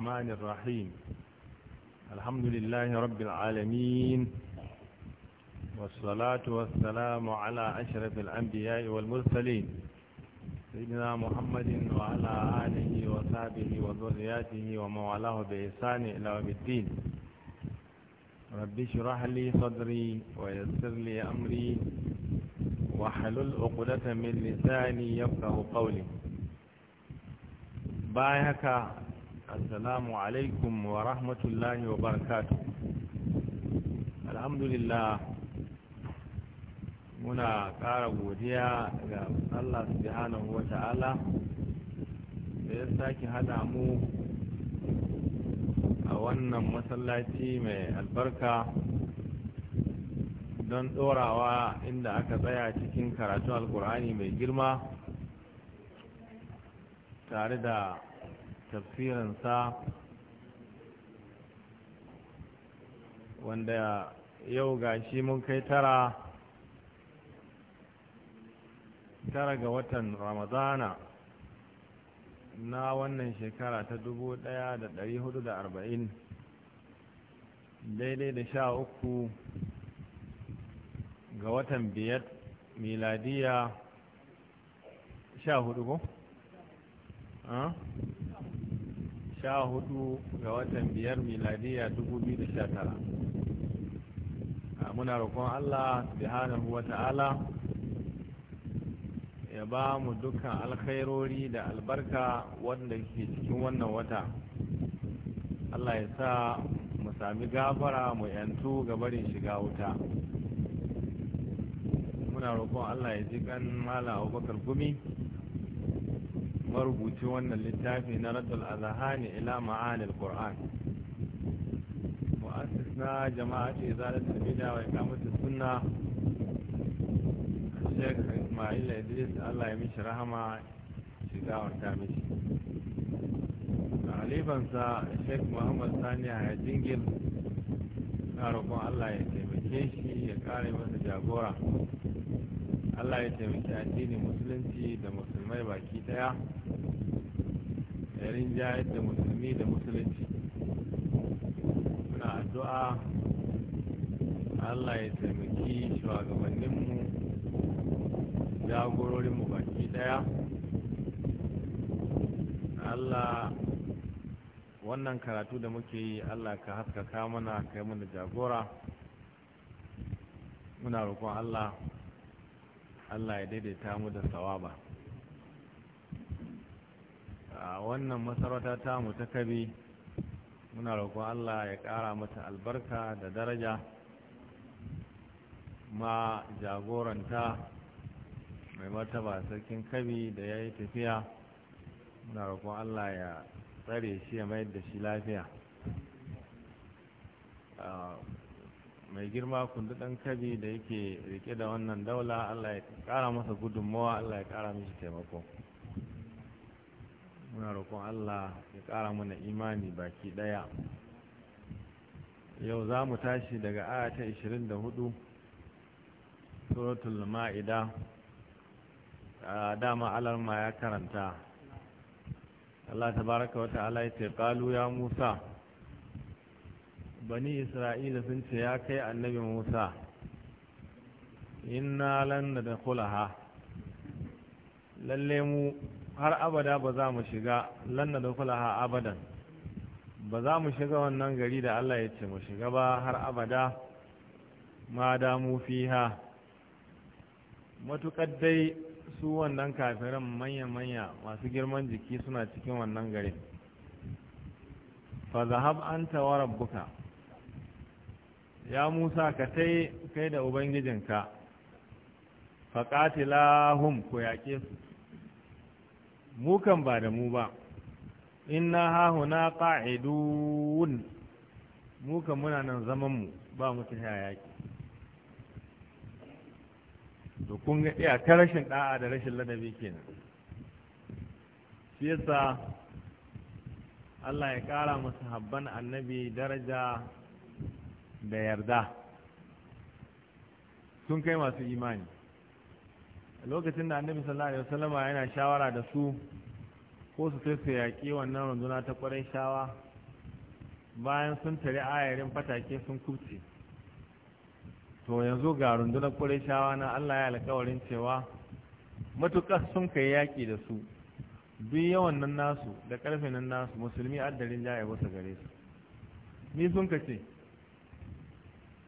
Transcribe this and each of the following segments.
الرحمن الرحيم الحمد لله رب العالمين والصلاة والسلام على أشرف الأنبياء والمرسلين سيدنا محمد وعلى آله وصحبه وذرياته وموالاه بإحسان إلى يوم الدين رب اشرح لي صدري ويسر لي أمري وحلل عقدة من لساني يفقه قولي باي السلام alaikum wa الله wa الحمد alhamdulillah muna ƙara godiya ga Allah subhanahu wa ta'ala da ya sake hada mu a wannan masallaci mai albarka don ɗorawa inda aka tsaya cikin karatu alkur'ani mai girma tare da tafsirinsa wanda yau ga shi mun kai tara tara ga watan ramadana na wannan shekara ta dubu da da arba'in daidai da sha uku ga watan biyar miladiya sha hudu ko? sha hudu ga watan biyar miladiya dubu biyu da muna roƙon allah subhanahu wa ta'ala ya ba mu dukkan alkhairori da albarka wanda ke cikin wannan wata allah ya sa mu sami gafara mu yantu ga barin shiga wuta muna roƙon allah ya ji kan mala abubakar gumi marubuci wannan littafi na raddul azhani ila ma'anil qur'an mu'assis na jama'a ce zalat bid'a wa iqamatus sunna Sheikh Ismail Idris Allah ya mishi rahama shi gawarta mishi Halifansa Sheikh Muhammad Sani ya jingil na roƙon Allah ya taimake shi ya kare masa jagora allah ya taimaki addinin musulunci da musulmai baki daya yarin jayar da musulmi da musulunci muna addu'a allah ya taimaki shugabanninmu jagororinmu baki daya allah wannan karatu da muke yi allah ka haskaka mana kai mana jagora muna roƙon allah Allah ya daidaita mu da sawaba a wannan masarauta mu ta kabi muna roƙon Allah ya ƙara mata albarka da daraja ma jagoranta mai martaba sarkin kabi da ya yi tafiya muna roƙon Allah ya tsare shi ya mayar da shi lafiya mai girma kundudan kabi da yake rike da wannan daula allah ya kara masa gudunmawa allah ya kara mishi taimako muna roƙon allah ya kara mana imani baki daya yau za mu tashi daga ayata 24 suratul ma'ida dama alarma ya karanta allah baraka wata ala ya ce ya musa bani isra'ila sun ce ya kai annabi musa inna lan da kulaha lalle mu har abada ba za mu shiga lan da kulaha abadan ba za mu shiga wannan gari da allah ya ce mu shiga ba har abada ma da fi fiha matuƙar dai su wannan kafiran manya-manya masu girman jiki suna cikin wannan garin fa zahab anta wa rabbuka ya musa ka tai kai da ubangijinka faƙatilahum ku yaƙe su mu ba da mu ba inna hahuna qa'idun mu kan muna nan zaman mu ba mu ta yaƙi to kun ga iya ta rashin ɗa'a da rashin ladabi kenan shi yasa Allah ya ƙara musu habban annabi daraja da yarda sun kai masu imani lokacin da annabi sallallahu alaihi wasallam yana shawara da su ko su sai su yaƙi wannan runduna ta ƙwarai shawa bayan sun tare ayarin fatake sun kubce to yanzu ga rundunar ƙwarai shawa na allah ya alƙawarin cewa matuƙar sun kai yaƙi da su duk yawan nan nasu da ƙarfe nan nasu musulmi addarin jaya wasu gare su ni sun ka ce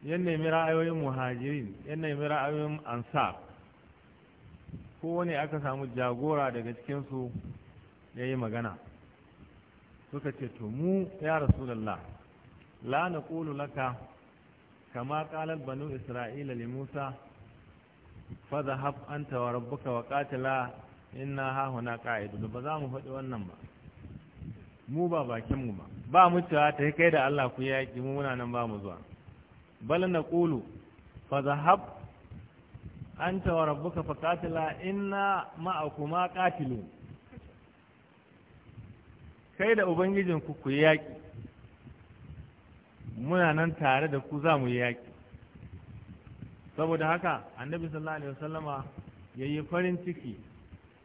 Yan nemi ra'ayoyin muhajirin yan nemi ra'ayoyin ansar wani aka samu jagora daga cikinsu ya yi magana suka ce to mu ya rasulallah la na laka kama kalar banu isra'ila li musa fazahab anta wa rabbuka wa qatila inna ha huna qa'idun ba za mu faɗi wannan ba mu ba bakin mu ba ba mu cewa ta kai da Allah ku yaki mu muna nan ba mu zuwa بل نقول فذهب zahab وربك wa rabbuka faqatila inna ma'akuma katilu. kai da ubangijin ku ku yaki muna nan tare da ku za mu yaki saboda haka annabi sallallahu alaihi wasallama yayi farin ciki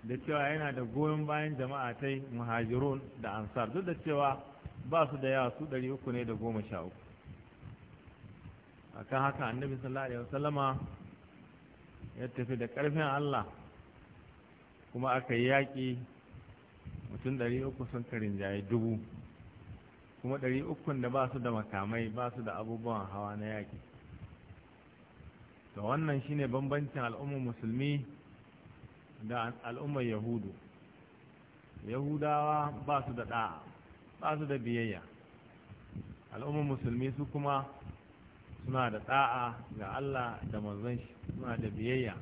da cewa yana da goyon bayan jama'a ta muhajirun da ansar duk da cewa ba su da yawa su 300 ne da uku. akan haka annabi sallallahu alaihi wasallama ya tafi da ƙarfin Allah kuma aka yi yaƙi mutum uku sun karin jaye dubu kuma ukun da ba su da makamai ba su da abubuwan hawa na yaƙi to wannan shine bambancin al'ummar musulmi da al'ummar yahudu yahudawa ba su da ɗa ba su da biyayya al'ummar musulmi su kuma suna da ɗa'a ga Allah da manzon shi suna da biyayya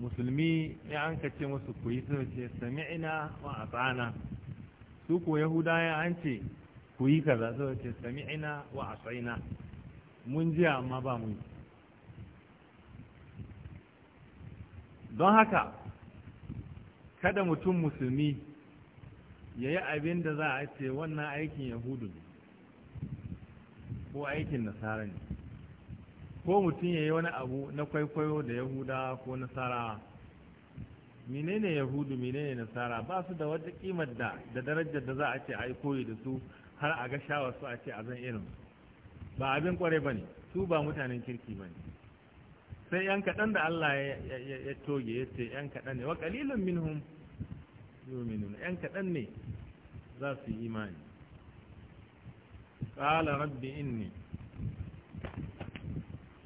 musulmi ya an kace musu ku yi sun ce sami'ina wa tsana, su ko ya an ce ku yi kaza sun ce sami'ina wa asaina mun ji amma ba mu don haka kada mutum musulmi ya yi abin da za a ce wannan aikin yahudu ne ko aikin nasara ne ko mutum ya yi wani abu na kwaikwayo da yahuda ko nasara menene yahudu menene nasara ba su da wata kimar da da darajar da za a ce a yi koyi da su har a ga shawar su a ce a zan irin ba abin kware ba ne su ba mutanen kirki ba ne sai yan kaɗan da Allah ya toge ya ce yan kaɗan ne wa kalilun minhum yuminun yan kaɗan ne za su yi imani قال رب إني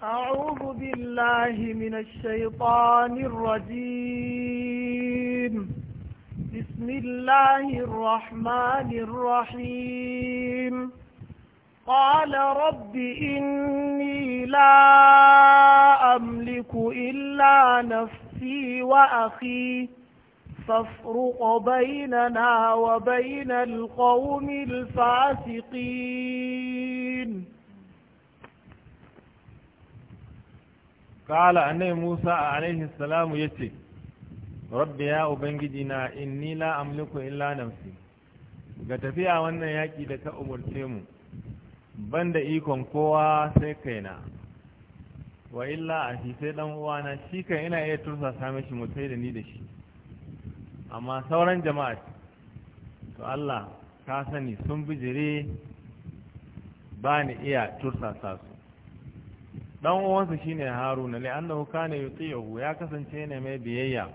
أعوذ بالله من الشيطان الرجيم بسم الله الرحمن الرحيم قال رب إني لا أملك إلا نفسي وأخي تفرق بيننا وبين القوم الفاسقين قال أن موسى عليه السلام يتي رب يا أبنجدنا إني لا أملك إلا نفسي ga tafiya wannan yaƙi da ka umarce mu banda ikon kowa sai kaina wa illa a shi sai ɗan uwana shi kan ina iya tursa sami shi mutai da ni da shi amma sauran jama'a to Allah ka sani sun bijire ba ni iya tursasa su dan uwansa shine haruna ne annahu kana yuti'uhu ya kasance ne mai biyayya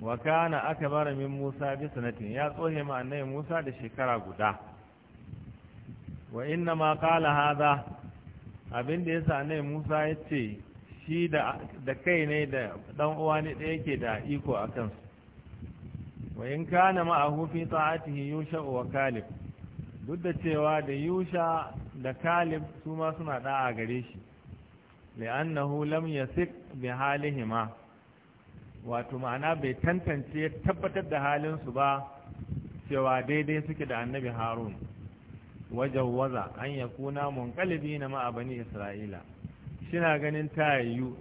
wa kana akbar min musa bi sanatin ya tsohe ma annabi musa da shekara guda wa inna ma qala hadha abinda yasa annabi musa yace shi da da kai ne da dan uwani ne da yake da iko akan su wa in kana ma'ahu fi ta'atihi yusha wa kalib duk da cewa da yusha da kalib su ma suna da'a gare shi li'annahu lam yasik bi halihima wato ma'ana bai tantance tabbatar da halin su ba cewa daidai suke da annabi harun wajen waza an ya kuna munkalibi na ma'a bani isra'ila shina ganin ta yiwu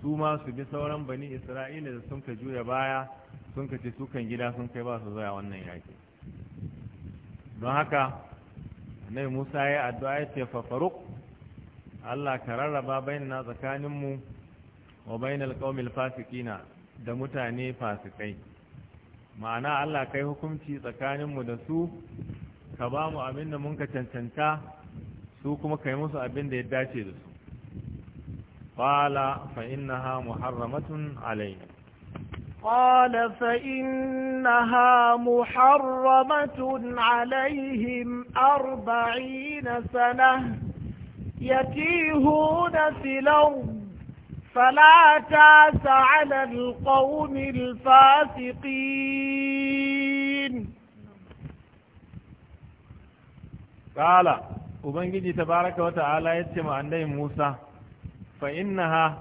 su ma su bi sauran bani isra'ila da sun ka juya baya sun ka ce sukan gida sun kai ba su zaya wannan yaƙi don haka nai musa ya addu'a ya ce fafaruk allah ka rarraba baina tsakaninmu wa bainal qaumil fasikina da mutane fasikai ma'ana allah kai hukunci tsakaninmu da su ka ba mu abin da mun ka cancanta su kuma kai musu abin da ya dace da su qala fa innaha muharramatun alayna قال فإنها محرمة عليهم أربعين سنة يتيهون في الأرض فلا تاس على القوم الفاسقين قال ubangiji tabaraka wa ta'ala ya ce ma annabi Musa fa innaha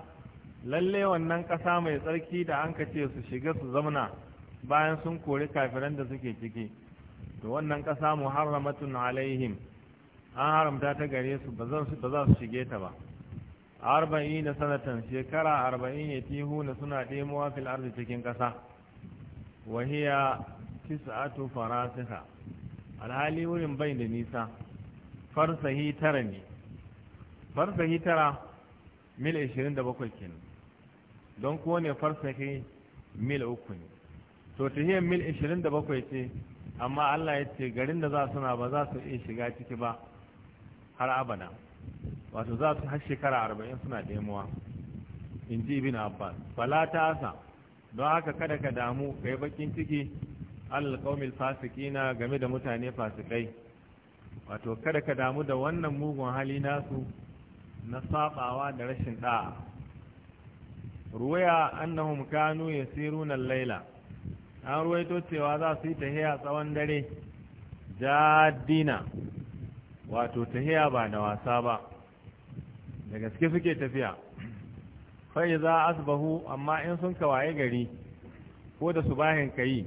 lalle wannan ƙasa mai tsarki da an ce su shiga su zamana bayan sun kori kafiran da suke ciki to wannan ƙasa mu haramatun alaihim an haramta ta gare su ba za su shige ta ba arba'in da sanatan shekara arba'in ya tihu na suna ɗemowa fil arzi cikin ƙasa wahiya tis'atu farasiha alhali wurin bai da nisa farsahi tara ne farsahi tara mil 27 kenan don kuwa kowane farsaki mil uku ne to ta tahiyar mil 27 ce amma Allah ya ce garin da za su na ba za su iya shiga ciki ba har abada wato za su har shekara arba'in suna demuwa in ji na abbas Bala ta asa don haka kada ka damu kai bakin ciki fasiki na game da mutane fasikai wato kada ka damu da wannan mugun hali nasu na sabawa da rashin da'a ruwaya annahum kanu yasiruna al-laila an ruwaito cewa za su yi tahiya tsawon dare Ja dina. wato tahiya ba da wasa ba da gaske suke tafiya fai za a asbahu amma in sun kawaye gari ko da su bahin kayi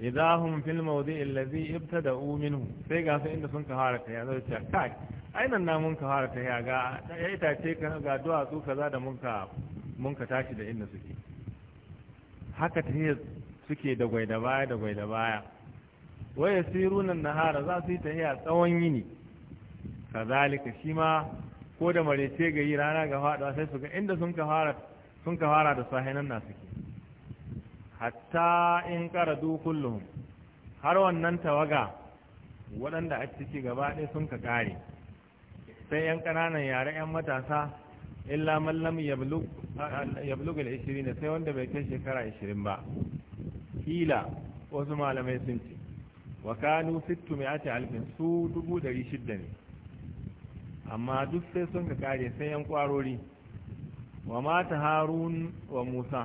idahum fil mawdi'i allazi ibtada'u minhu sai ga su inda sun ka fara tahiya zai ce kai ainan na mun ka fara tahiya ga ce ka ga duwatsu kaza da mun ka mun ka tashi da inda suke haka ta suke da gwai da baya da gwai da baya waya sirunan nahara za su yi ta tahiya tsawon yini zalika shi ma ko da ga yi rana ga faɗuwa sai su ga inda sun ka fara da da sahinan na suke hatta in karadu kullum har wannan tawaga waɗanda a ciki gaba ɗaya sun ka ƙare sai 'yan ƙananan yare 'yan matasa illa man lam yablug al-20 sai wanda bai kai shekara 20 ba kila wasu malamai sun ce wa kanu 600 alfin su 600 ne amma duk sai sun ka kare sai yan kwarori wa mata harun wa musa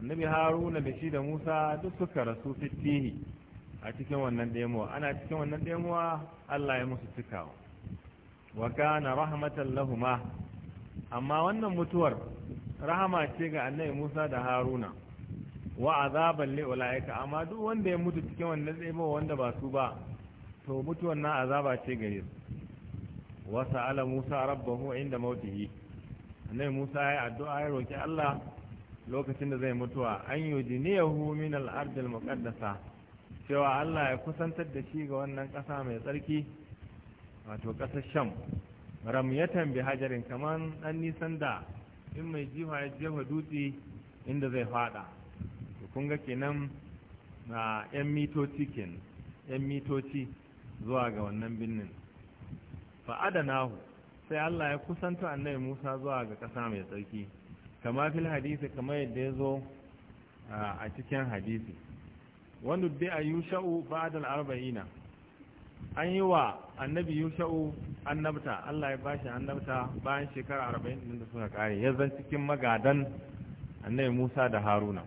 annabi haruna da shi da musa duk suka rasu fitihi a cikin wannan demuwa ana cikin wannan demuwa allah ya musu cikawa wa kana rahmatan lahuma amma wannan mutuwar rahama ce ga annabi Musa da Haruna wa azaban li amma duk wanda ya mutu cikin wannan tsebo wanda ba su ba to mutuwar na azaba ce ga su wa sa'ala Musa rabbahu inda mautihi annabi Musa ya addu'a ya roki Allah lokacin da zai mutuwa an yujiniyahu min al-ard al-muqaddasa cewa Allah ya kusantar da shi ga wannan ƙasa mai tsarki wato ƙasar Sham ya bi hajarin kamar ɗan nisan da in mai jiwa ya jefa dutse inda zai fada to kun ga kenan na yan mitoci kenan yan mitoci zuwa ga wannan binnin fa adanahu sai Allah ya kusanta annabi Musa zuwa ga kasa mai tsarki kama fil hadisi kamar yadda ya zo a cikin hadisi wanda dai ayu sha'u ba'da al-arba'ina an yi wa annabi yusha'u annabta Allah ya bashi annabta bayan shekara arba'in din da suka kare ya zan cikin magadan annabi Musa da Haruna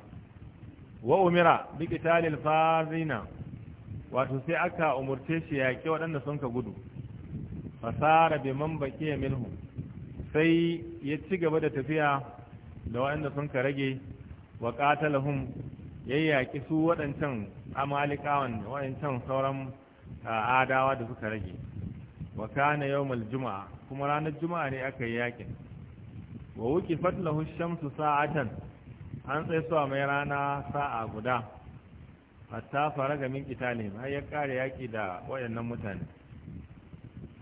wa umira bi qitalil fazina wato sai aka umurce shi yaƙi waɗanda sun ka gudu fasara bi man ya minhu sai ya ci gaba da tafiya da waɗanda sun ka rage wa qatalahum yayyaki su waɗancan amalikawan waɗancan sauran adawa da suka rage wa kana yawmal juma'a kuma ranar juma'a ne aka yi yakin wa wuki fatlahu shamsu sa'atan an tsaye su mai rana sa'a guda hatta faraga min qitalihim har ya kare yaki da wayannan mutane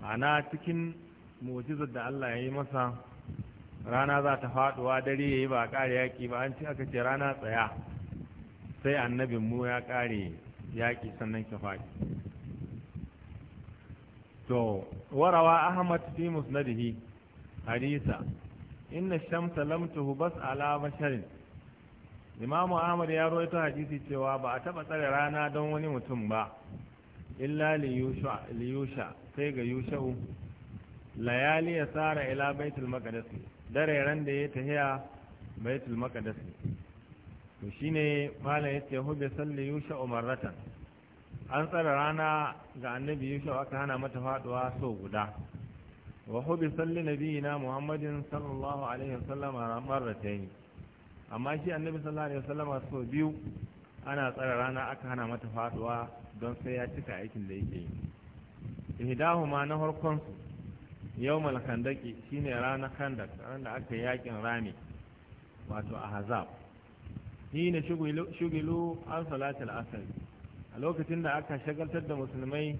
ana cikin mu'jizar da Allah ya yi masa rana za ta faduwa dare yayi ba kare yaki ba an ci aka ce rana tsaya sai annabin mu ya kare yaki sannan ka faɗi to warawa ahmad fi musnadihi hadisa inna shamsa lam tuhbas ala basharin imam ahmad ya rawaito hadisi cewa ba a taba tsare rana don wani mutum ba illa liyusha sai ga yusha'u layali ya sara ila baitul maqdis dare ran da ya tahiya baitul maqdis to shine malai yace hubbi salli yusha umratan an tsara rana ga annabi yusuf aka hana mata faduwa sau guda wa hubi salli nabiyina muhammadin sallallahu alaihi wasallama marratayn amma shi annabi sallallahu alaihi wasallama sau biyu ana tsara rana aka hana mata faduwa don sai ya cika aikin da yake yi ihdahuma na harkon su yawmal kandaki shine ranar kandak ran da aka yakin rami wato ahzab ne shugilu an salatul asr a lokacin da aka shagaltar da musulmai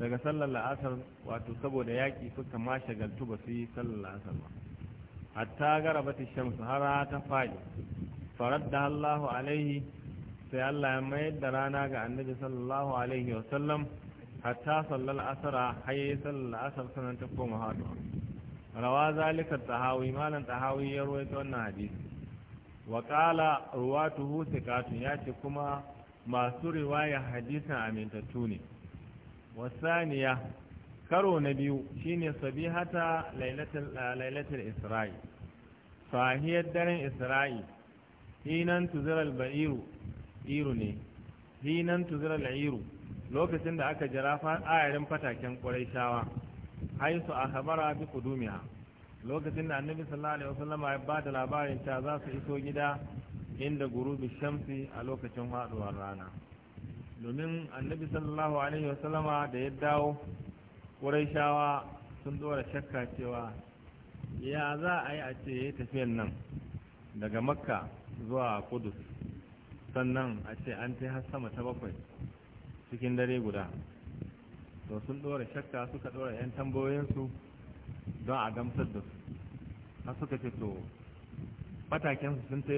daga sallar la'asar wato saboda yaƙi suka ma shagaltu ba su yi sallar la'asar ba hatta garabata shamsu har ta faɗi farar da Allahu alaihi sai Allah ya mayar da rana ga annabi sallallahu alaihi wa sallam hatta sallar a haye sallar la'asar sanar ta koma haɗu rawa zalikar tahawi malam tahawi ya rawaito wannan hadisi wa qala ruwatuhu thiqatun ce kuma masu riwaya hadisin amintattu ne wasaniya karo na biyu shine sabihata lailatul isra'i fahiyar daren isra'i hinan tuziral ba'iru iru ne hinan tuziral iru lokacin da aka jira ayarin fataken ƙuraishawa haisu a habara bi kudumiya lokacin da annabi sallallahu alaihi wasallam ya ba da labarin ta za su iso gida inda gurubi shamsi a lokacin haɗuwar rana domin annabi sallallahu alaihi wasallama da ya dawo ƙuraishawa sun dora shakka cewa ya za a yi a ce ya tafiyan nan daga makka zuwa kudus sannan a ce an ta har sama ta bakwai cikin dare guda to sun ɗora shakka suka ɗora 'yan tambayoyinsu don a gamsar da su har suka ce to Matakinsu sun ta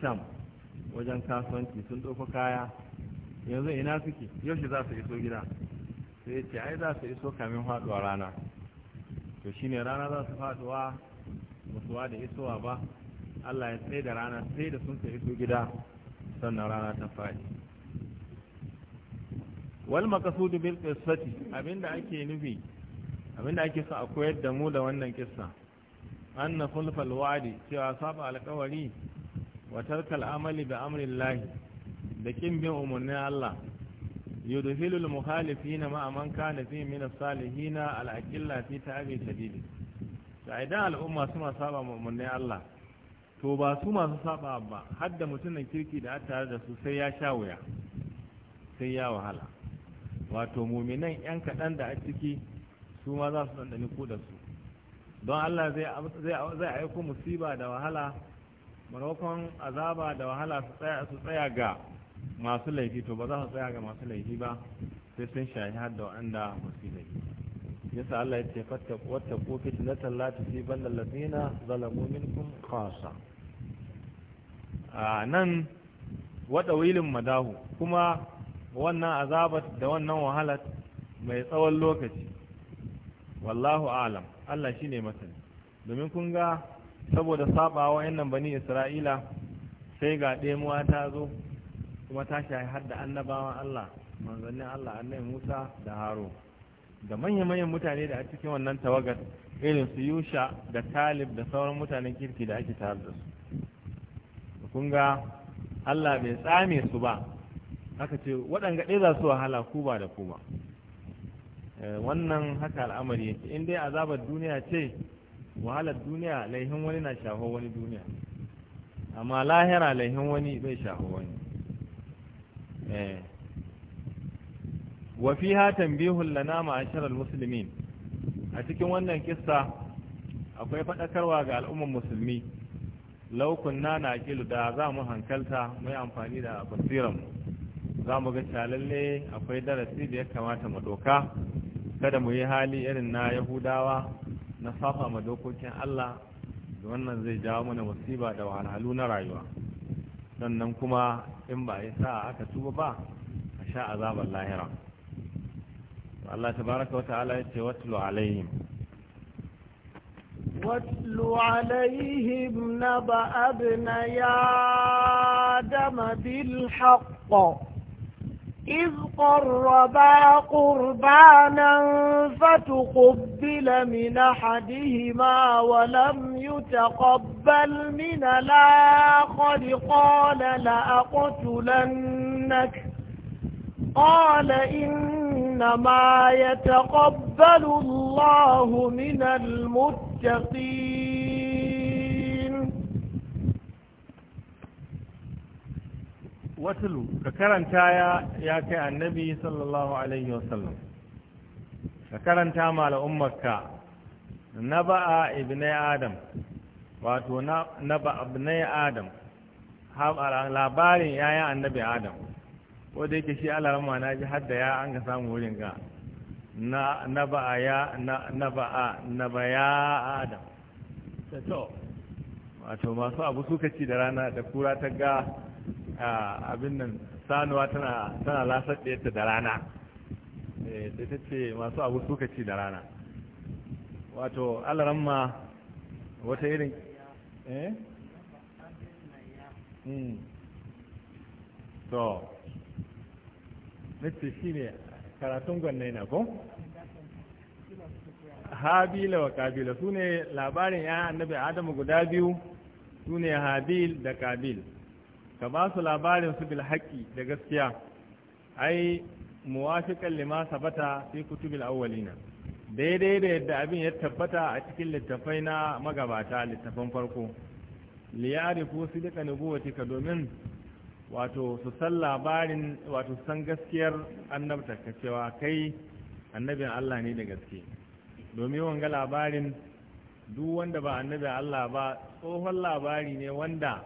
sham wajen kasuwanci sun ɗauko kaya yanzu ina suke yaushe za su iso gida sai ce ai za su iso kamin faɗuwa rana to shine rana za su faɗuwa musuwa da isowa ba allah ya tsaye da rana sai da sun ta iso gida sannan rana ta faɗi wal maqsudu bil abinda ake nufi abinda ake so a koyar da mu da wannan kissa anna khulfal wa'di cewa saba alƙawari wa tarkal amali bi amrillah da kin bin umurnin Allah yudhilul mukhalifin ma man kana fi min as-salihin al-aqilla fi ta'abi shadid to idan al'umma suna saba umurnin Allah to ba su masu saba ba hadda mutumin kirki da tare da su sai ya sha wuya sai ya wahala wato muminan yan kaɗan da a ciki su ma za su ɗanɗani ko da su don Allah zai aiko musiba da wahala maimakon azaba da wahala su tsaya ga masu laifi to ba za su tsaya ga masu laifi ba sai sun shahi har da wanda ba laifi yasa Allah ya ce wata kofi na tallata fi ban lallazina zalamu minkum khasa a nan wada wilin madahu kuma wannan azabat da wannan wahalat mai tsawon lokaci wallahu alam Allah shi ne masani domin kun ga saboda sabawa yannan bani isra'ila sai ga ɗemuwa ta zo kuma ta shahi har da annabawan Allah manzannin Allah annabi Musa da Haro da manya-manyan mutane da a cikin wannan tawagar irin su Yusha da Talib da sauran mutanen kirki da ake tare da su kun ga Allah bai tsame su ba aka ce waɗanga ɗaya za su wahala ku ba da ku ba Eh, wannan haka al'amari yake in dai azabar duniya ce wahalar duniya laihin wani na shaho wani duniya amma lahira laihin wani bai shaho wani eh. wa fiha lanama lana shirar musulmi a cikin wannan kissa akwai faɗakarwa ga al'umman musulmi na na kilu da za mu hankalta mu amfani da basiranmu za mu ga shalalle akwai darasi da ya kamata mu doka kada mu yi hali irin na yahudawa na safa ma dokokin Allah da wannan zai jawo mana musiba da wahalhalu na rayuwa sannan kuma in ba ya sa aka tuba ba a sha azabar lahira Allah tabaraka wa ta'ala ya ce watlu alaihim watlu alaihim naba abna ya dama bil haqq إذ قربا قربانا فتقبل من أحدهما ولم يتقبل من الآخر قال لأقتلنك قال إنما يتقبل الله من المتقين watulu ka karanta ya kai annabi sallallahu alaihi wasallam ka karanta ma al'ummarka na ba'a ibnai adam wato na ba'a ibnai adam labarin yaya annabi adam wadda yake shi alarama na ji hadda ya an ga samu wurin ga na ba'a ya na ba'a na baya adam wato masu abu suka ci da rana da kura ta ga abin nan sanuwa tana tana lasar ɗayarta da rana da eh, ta ce masu abu suka ci da rana wato alaramma wata irin eh? Hmm. to nace shi ne karatun gwanne na ko? habil wa kabila su ne labarin ya annabi adamu guda biyu su ne habil da kabil ka ba su labarin su bil haƙƙi da gaskiya ai muwafiqan lima sabata fi kutubil awwalina daidai da yadda abin ya tabbata a cikin littafai na magabata littafan farko liyarifu sidika ka domin wato su san labarin wato san gaskiyar annabta ka cewa kai annabin Allah ne da gaske domin wanga labarin duk wanda ba annabi Allah ba tsohon labari ne wanda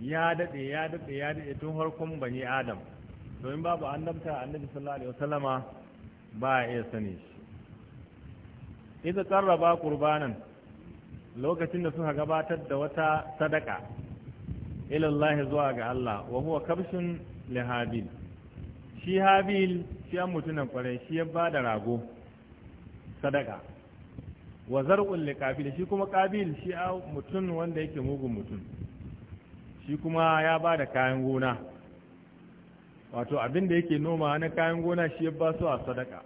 ya daɗe ya daɗe ya daɗe tun harkon bani adam domin babu annabta annabi sallallahu alaihi wasallama ba ya iya sani shi idza qurbanan lokacin da suka gabatar da wata sadaka ilallahi zuwa ga Allah wa huwa kabshun li habil shi habil shi an mutunan kwarai shi ya bada rago sadaka wa zar'un li qabil shi kuma kabil shi a mutun wanda yake mugun mutum shi kuma ya ba da kayan gona wato abin da yake noma na kayan gona shi ya ba su a sadaka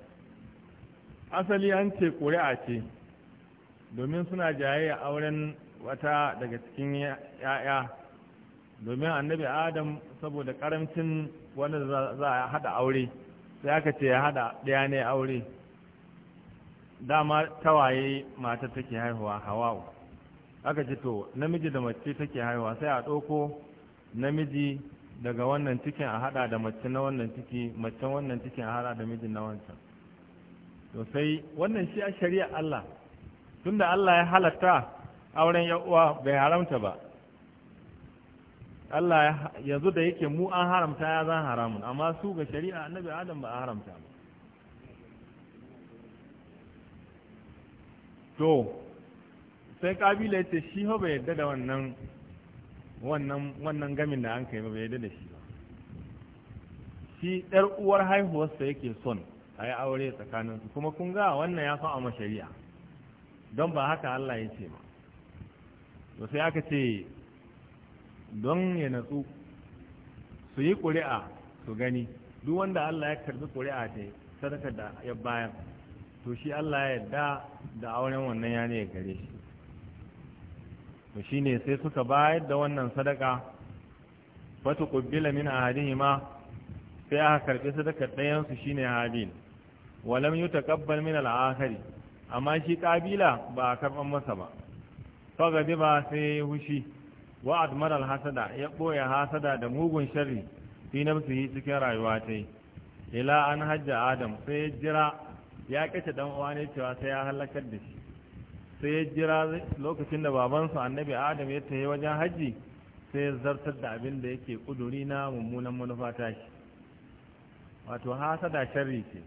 asali an ce ƙuri'a ce domin suna jayayya auren wata daga cikin ya'ya domin annabi adam saboda karamcin wanda za a hada aure sai aka ce ya hada ɗaya ne aure dama tawaye mata take haihuwa hawa'u aka ce to namiji da mace take haihuwa sai a ɗauko namiji daga wannan cikin a hada da mace na wannan ciki mace wannan cikin a hada da miji na wancan to sai wannan shi a shari'a Allah tunda Allah ya halatta auren uwa bai haramta ba Allah yanzu da yake mu an haramta ya zan haramun amma su ga shari'a annabi Adam ba a haramta ba to sai kabila ya ce shi ba bai yadda da wannan gamin da an kai ba bai yadda da shi ba shi ɗar uwar haihuwarsa yake son a yi aure tsakanin kuma kun ga wannan ya san a shari'a don ba haka Allah ya ce ba to sai aka ce don ya natsu su yi ƙuri'a su gani duk wanda Allah ya karbi ƙuri'a ta sadaka da ya bayan to shi Allah ya yarda da auren wannan yare ya gare shi to shine sai suka bayar da wannan sadaka ta qubbila min ahadihima sai aka karbi sadaka ɗayan su shine habil walam yutaqabbal min al-akhari amma shi kabila ba a karban masa ba fa ba sai hushi wa admar al ya boye hasada da mugun sharri fi nafsihi cikin rayuwa ta ila an hajja adam sai jira ya kace dan uwa cewa sai ya halakar da shi sai ya jira lokacin da babansu annabi adam ya tafi wajen hajji sai ya zartar da abin da yake kuduri na mummunan manufa tashi wato hasada sharri ce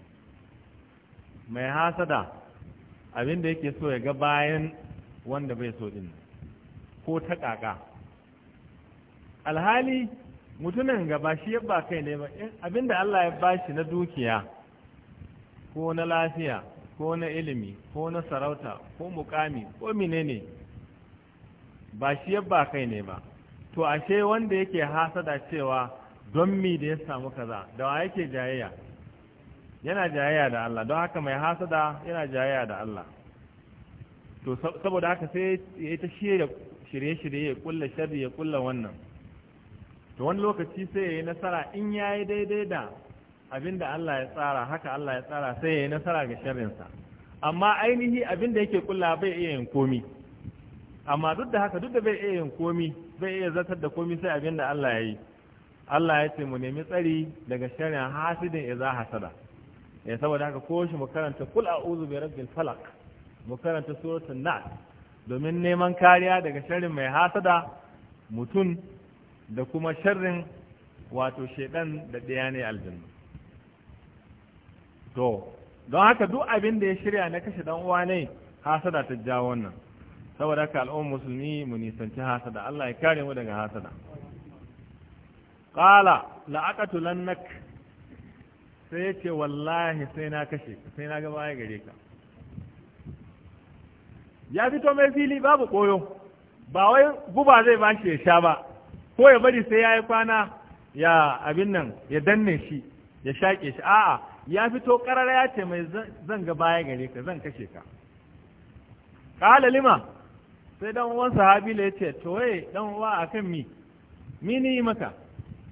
mai hasada abin da yake so ya ga bayan wanda bai so din ko ta kaka alhali mutumin gaba shi ya ba kai ne ba abin da Allah ya bashi na dukiya ko na lafiya ko na ilimi ko na sarauta ko mukami ko menene ba shi yabba kai ne ba to ashe wanda yake hasada cewa don mi da ya samu kaza da wa yake jayayya yana jayayya da Allah don haka mai hasada yana jayayya da Allah to saboda haka sai ya ta shirye-shirye ya kulla shari ya kulla wannan to wani lokaci sai ya yi nasara in ya yi daidai da abinda Allah ya tsara haka Allah ya tsara sai ya yi nasara ga sharrinsa amma ainihi abinda yake kulla bai iya yin komi amma duk da haka duk da bai iya yin komi bai iya zartar da komi sai abinda Allah ya yi Allah ya ce mu nemi tsari daga sharrin hasidin idza hasada ya eh, saboda haka ko shi mu karanta kul a'udhu bi rabbil falaq mu karanta suratul nas domin neman kariya daga sharrin mai hasada mutum da kuma sharrin wato shedan da ɗaya ne aljanna to don haka duk abin da ya shirya na kashe dan uwa ne hasada ta jawo wannan saboda haka al'ummar musulmi mu nisanci hasada Allah ya kare mu daga hasada qala tulannak sai yace wallahi sai na kashe sai na ga baya gare ka ya fito mai fili babu koyo ba wai guba zai ba shi ya sha ba ko ya bari sai ya yi kwana ya abin nan ya danne shi ya shaƙe shi a'a ya fito karar ya ce mai zan ga baya gare ka zan kashe ka ƙala lima sai dan uwan sahabi ya ce to waye dan uwa akan mi mi ni maka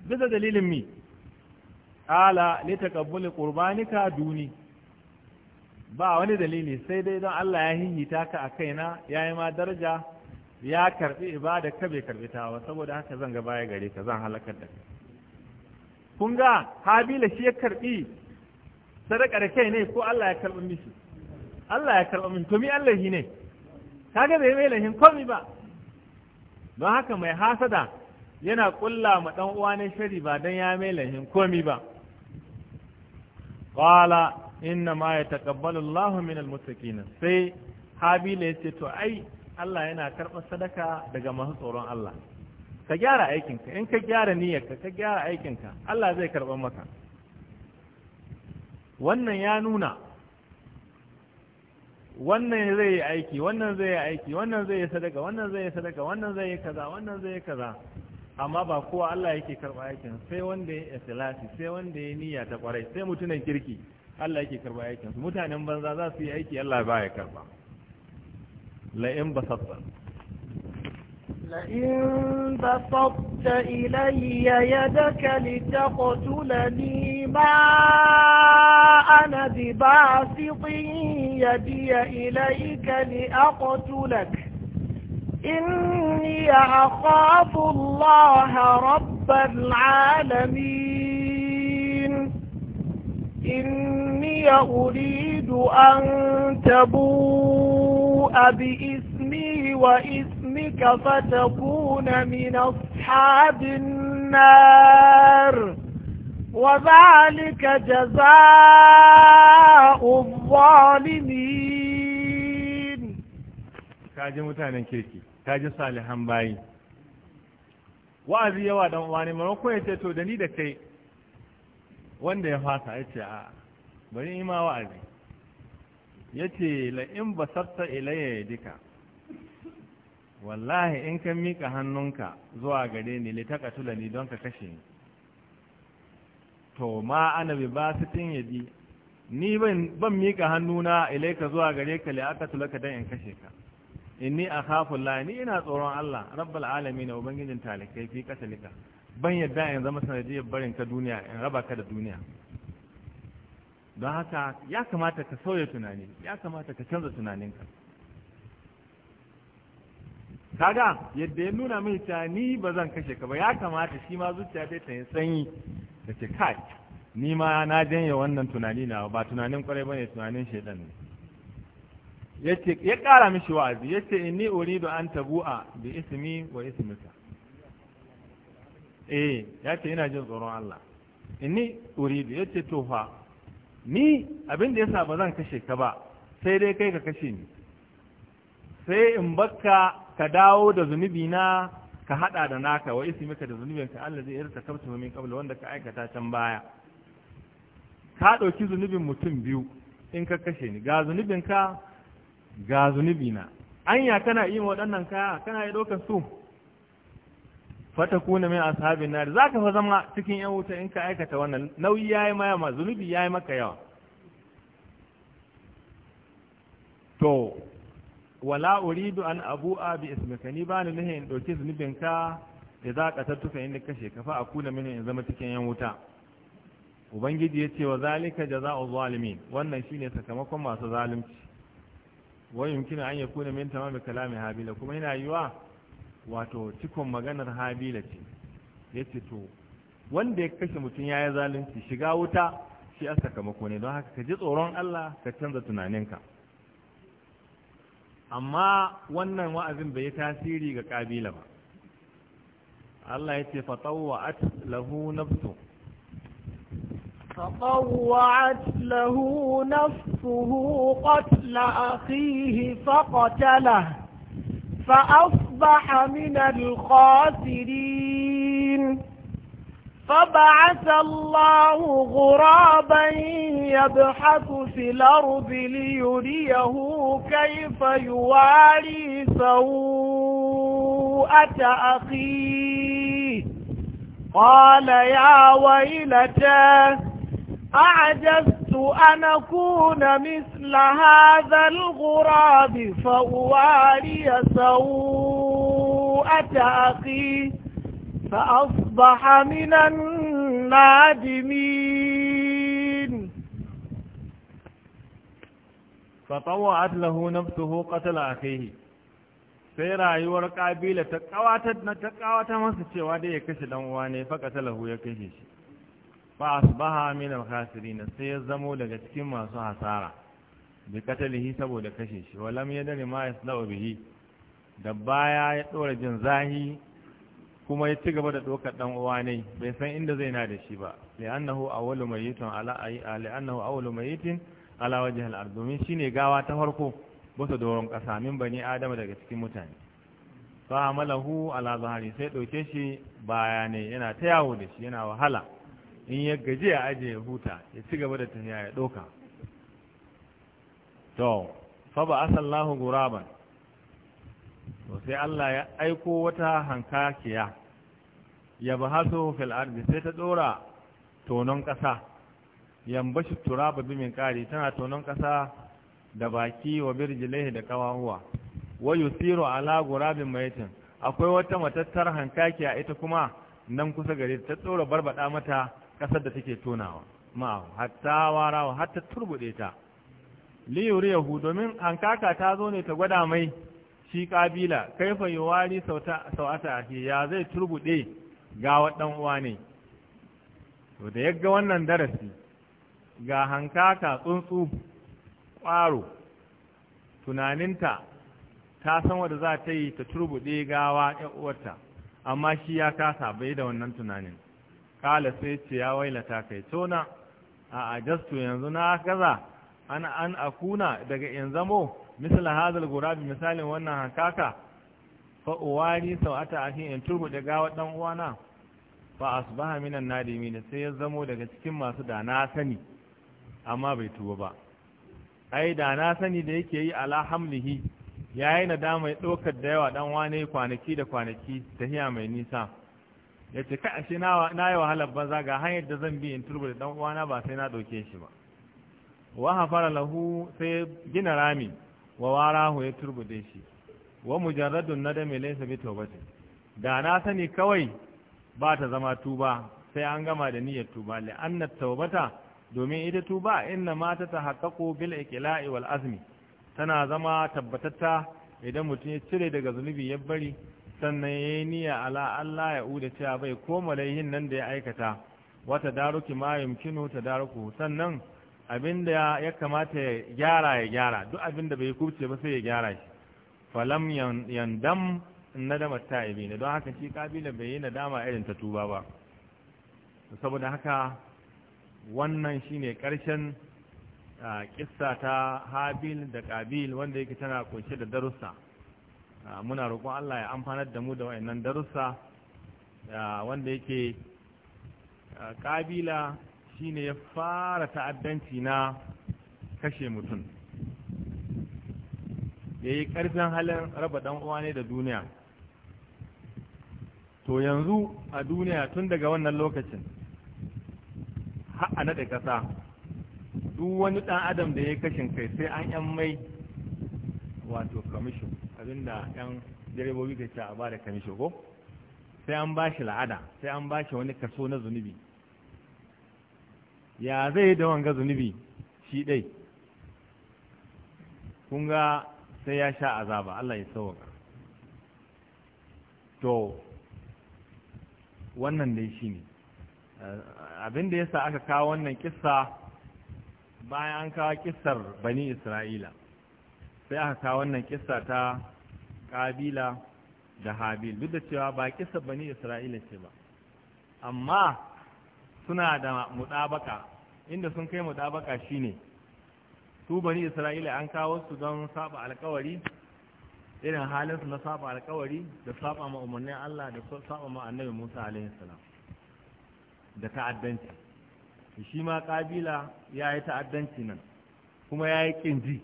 bisa dalilin mi ƙala li taqabbuli qurbanika duni ba wani dalili sai dai don Allah ya hihita ka a kaina ya yi ma daraja ya karbi ibada ka bai karɓi ta ba saboda haka zan ga baya gare ka zan halakar da ka kun ga habila shi ya karɓi. sadaka da kai ne ko Allah ya karɓi mishi Allah ya karɓi mishi to mi Allah shi ne kaga bai mai lahin komai ba don haka mai hasada yana ƙulla ma ɗan uwa ne shari ba dan ya mai lahin komai ba qala inna ma yataqabbalu Allahu min al-muttaki al-muttaqin sai Habila yace to ai Allah yana karɓar sadaka daga masu tsoron Allah ka gyara aikinka in ka gyara niyyarka ka gyara aikinka Allah zai karɓar maka wannan ya nuna wannan zai yi aiki wannan zai yi aiki wannan zai yi sadaka wannan zai yi sadaka wannan zai yi kaza wannan zai yi kaza amma ba kowa Allah yake karba aikin sai wanda ya ikhlasi sai wanda ya niyya ta kwarai sai mutunan kirki Allah yake karba aikin mutanen banza za su yi aiki Allah ba ya karba la in basatta لئن بسطت إلي يدك لتقتلني ما أنا بباسط يدي إليك لأقتلك إني أخاف الله رب العالمين إني أريد أن تبوء بإسمي وإسمي ربك فتكون من أصحاب النار وذلك جزاء الظالمين كاجي متانن كيكي كاجي صالحان باي wa'azi yawa dan uwani maroko ya ce da ni da kai wanda ya fasa ya ce a bari ima wa'azi ya ce la'in basarta ilayya ya dika wallahi in ka mika hannunka zuwa gare ni litaka ni don ka kashe ni to ma ana ba su tin yadi ni ban ban mika hannuna ilaika zuwa gare ka li aka ka dan in kashe ka inni akhafu la ni ina tsoron Allah rabbul alamin ubangijin talikai fi kasalika ban yadda in zama sanadiyar barin ka duniya in raba ka da duniya don haka ya kamata ka sauya tunani ya kamata ka canza tunaninka kaga yadda ya nuna mai ta ni ba zan kashe ka ba ya kamata shi ma zuciya ta ta yi sanyi da ce kai ni ma na janye wannan tunani na ba tunanin kwarai bane tunanin shaidan ne yace ya kara mishi wa'azi yace inni uridu an tabu'a bi ismi wa ismika eh yace ina jin tsoron Allah inni uridu yace to fa ni abin da yasa ba zan kashe ka ba sai dai kai ka kashe ni sai in bakka ka dawo da zunubi na ka hada da naka wa ismika da zunubin ka Allah zai irta kabta min qabla wanda ka aikata can baya ka dauki zunubin mutum biyu in ka kashe ni ga ka ga na anya kana yin waɗannan kaya kana yi dokar su kuna min ashabin nar zaka fa zama cikin yan wuta in ka aikata wannan nauyi yayi maya ma zunubi yayi maka yawa wala uridu an abu'a bi ismika ni ba ni dauke ɗauki ka da za ka tattuka inda kashe ka fa a kuna mini in zama cikin yan wuta ubangiji ya ce wa zalika jaza'u zalimin wannan shine sakamakon masu zalunci wa yumkinu an yakuna min tamam kalami habila kuma yana yiwa wato cikon maganar habila ce yace to wanda ya kashe mutum yayi zalunci shiga wuta shi a sakamako ne don haka ka ji tsoron Allah ka canza tunaninka amma wannan wa'azin bai yi tasiri ga kabila ba Allah ya ce fatawwa'at lahu nafsu fatawwa'at lahu nafsuhu qatla akhihi faqatalahu فأصبح من الخاسرين فبعث الله غرابا يبحث في الأرض ليريه كيف يواري سوءة أخيه قال يا ويلتاه أعجزت أن أكون مثل هذا الغراب فأواري سوءة أخيه فأصبح من النادمين فطوعت له نفسه قتل أخيه sai rayuwar kabila ta ƙawata masa cewa dai ya kashe dan uwane fakatalahu ya kashe shi fa asbaha min al-khasirin sai ya zamo daga cikin masu hasara bi qatalihi saboda kashe shi walam yadri ma yasna'u bihi da baya ya dora jin zahi kuma ya ci gaba da ɗaukar ɗan uwa ne bai san inda zai na da shi ba li'annahu awwalu mayyitun ala li'annahu awwalu mayyitin ala wajhi al-ard domin shine gawa ta farko bisa doron ƙasa min bani adama daga cikin mutane fa amalahu ala zahari sai ɗauke shi baya ne yana ta yawo da shi yana wahala in ya gaji ya aje ya huta ya ci gaba da tafiya ya ɗauka to fa ba asallahu guraban sai Allah ya aiko wata hankakiya ya ba haso fil sai ta dora tonon ƙasa yambashi turaba min ƙari tana tonon ƙasa da baki wa birjilai da kawahuwa wa yusiru ala gurabin maitin akwai wata matattar a ita kuma nan kusa gare ta tsora barbada mata kasar da take tonawa ma'ahu hatta warawa hatta turbude ta li yahu domin hankaka ta zo ne ta gwada mai shi kabila kaifa yuwari sauta sauata ya zai turbude gawa ɗan uwa ne to da ya ga wannan darasi ga hankaka tsuntsu ƙwaro tunaninta ta san wadda za ta yi ta turbuɗe gawa uwarta amma shi ya kasa bai da wannan tunanin kala sai ce ya wailata kai tona a ajastu yanzu na gaza an an akuna daga in zamo misalin hazal gurabi misalin wannan hankaka fa uwari a akhi in turbude gawa dan uwana fa asbaha minan ne sai ya zamo daga cikin masu da na sani amma bai tuba ba ai da na sani da yake yi ala hamlihi yayi nadama ya ɗaukar da yawa dan wane kwanaki da kwanaki tahiya mai nisa ya ce kai ashe na yi wahalar banza ga hanyar da zan bi in turbo da dan uwana ba sai na ɗauke shi ba wa hafara lahu sai gina rami wa warahu ya da shi wa mujarradun nadami laysa bi tawbati da na sani kawai ba ta zama tuba sai an gama da niyyar tuba li anna tawbata domin ita tuba inna ma ta tahaqqaqu bil iqla'i wal azmi tana zama tabbatatta idan mutum ya cire daga zunubi ya bari sannan ya yi niyya ala Allah ya uda cewa bai koma laihin nan da ya aikata wata daruki ma yumkinu ta daruku sannan abinda ya kamata ya gyara ya gyara duk abinda bai kubce ba sai ya gyara shi falam yandam nadama ta'ibi ne don haka shi kabila bai yi nadama irin ta tuba ba saboda haka wannan shine karshen kissa ta habil da ƙabil wanda yake tana kunshe da darussa muna roƙon Allah ya amfanar da mu da wayannan darussa wanda yake kabila ne ya fara ta'addanci na kashe mutum ya yi ƙarfin halin raba ɗan uwa ne da duniya to yanzu a duniya tun daga wannan lokacin ha'a naɗe ƙasa duk wani ɗan adam da ya yi kashin kai sai an yan mai wato kamishin abinda yan direbobi ke ce a ba da kamishin ko sai an ba shi la'ada sai an ba shi wani kaso na zunubi ya zai da wanga zunubi shi ɗai kun ga sai ya sha azaba Allah ya sauka to wannan dai shi ne abinda ya sa aka kawo wannan kissa bayan an kawo kissar bani isra'ila sai aka kawo wannan kissa ta kabila da habil duk da cewa ba kissar bani isra'ila ce ba amma suna da muɗabaka inda sun kai muɗabaka shine su bani isra'ila an kawo su don saba alkawari irin halinsu na saba alkawari da saba ma umarnin Allah da saba ma annabi Musa alayhi salam da ta'addanci shi ma kabila ya yi ta'addanci nan kuma ya yi ƙinji.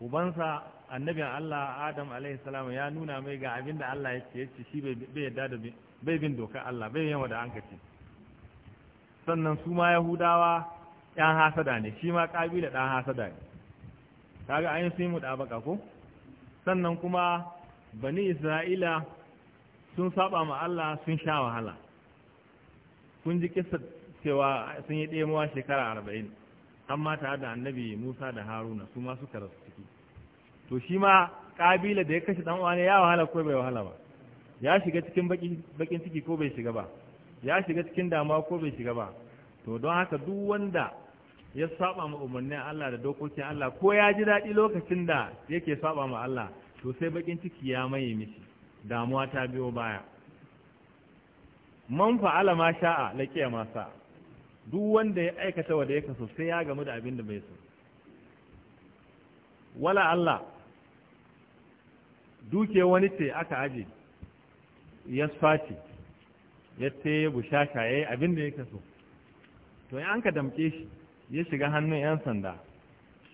ubansa annabin Allah Adam alayhi salam ya nuna mai ga abin da Allah ya ce ya ce shi bai yadda da bai bin dokar Allah bai yawa da an sannan su ma Yahudawa ɗan hasada ne shi ma ƙabila ɗan hasada ne kaga an yi mu ɗabaka ko sannan kuma bani isra'ila sun saba ma Allah sun sha wahala kun ji kisa cewa sun yi ɗemowa shekara arba'in amma tare da annabi musa da haruna su masu karasu ciki to shi ma ƙabila da ya kashe ɗan uwa ne ya wahala ko bai wahala ba ya shiga cikin bakin ciki ko bai shiga ba ya shiga cikin damuwa ko bai shiga ba to don haka duk wanda ya saba ma umarnin Allah da dokokin Allah ko ya ji daɗi lokacin da yake saba ma Allah to sai bakin ciki ya maye mishi damuwa ta biyo baya man fa'ala ma sha'a laqiya ma sa duk wanda ya aikata wanda yake so sai ya gamu da abin da bai so wala Allah duke wani ce aka aje ya sace ya te bushasha abin da yake so to in an ka damke shi ya shiga hannun 'yan sanda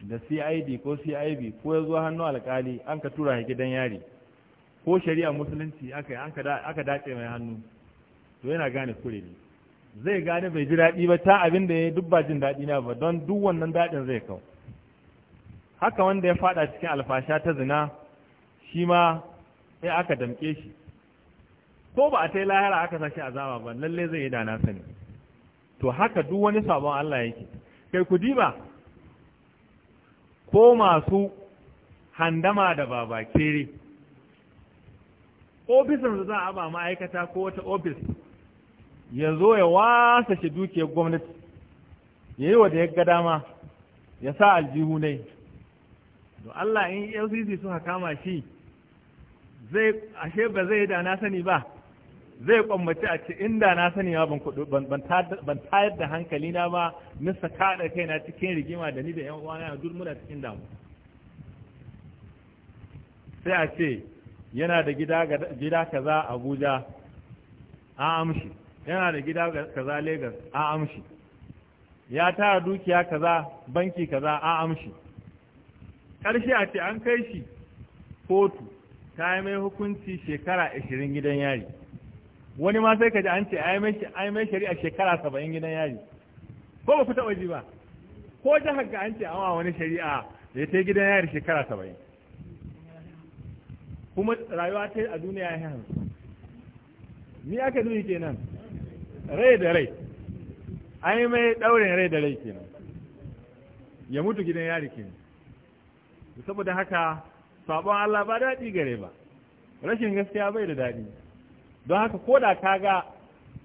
da cid ko cib ko ya zuwa hannun alkali an ka tura shi gidan yari ko shari'a musulunci aka dace mai hannu to yana gane kure ne zai gane bai ji daɗi ba ta abin da ya duk ba jin daɗi na ba don duk wannan daɗin zai kau haka wanda ya fada cikin alfasha ta zina shi ma sai aka damke shi ko ba a ta yi lahira aka sashi azama ba lallai zai yi da na sani to haka duk wani sabon Allah yake kai ku diba ko masu handama da baba kere ofisin da za a ba ma'aikata ko wata ofis ya zo ya wasa shi dukiyar gwamnati ya yi wa da dama ya sa aljihu ne don Allah in e LCC suka kama shi zai ashe ba zai da na sani ba zai kwammaci a ce inda na sani ma ban tayar da hankali na ba nisa kaɗa kai na cikin rigima da ni da yan uwana na dur muna cikin damu sai a ce yana da gida kaza Abuja a amshi yana da gida kaza Lagos a amshi ya tara dukiya kaza banki kaza a amshi ƙarshe a ce an kai shi kotu ta yi mai hukunci shekara 20 gidan yari wani ma sai ka ji an ce ai mai shari'a shekara saba'in gidan yaji ko ba ku waje ji ba ko jihar haka an ce awa wani shari'a da ta gidan yari shekara saba'in kuma rayuwa ta a duniya ya hanzu ni aka nuni kenan rai da rai an yi mai ɗaurin rai da rai kenan ya mutu gidan yari kenan saboda haka sabon Allah ba daɗi gare ba rashin gaskiya bai da daɗi don haka ko da ka ga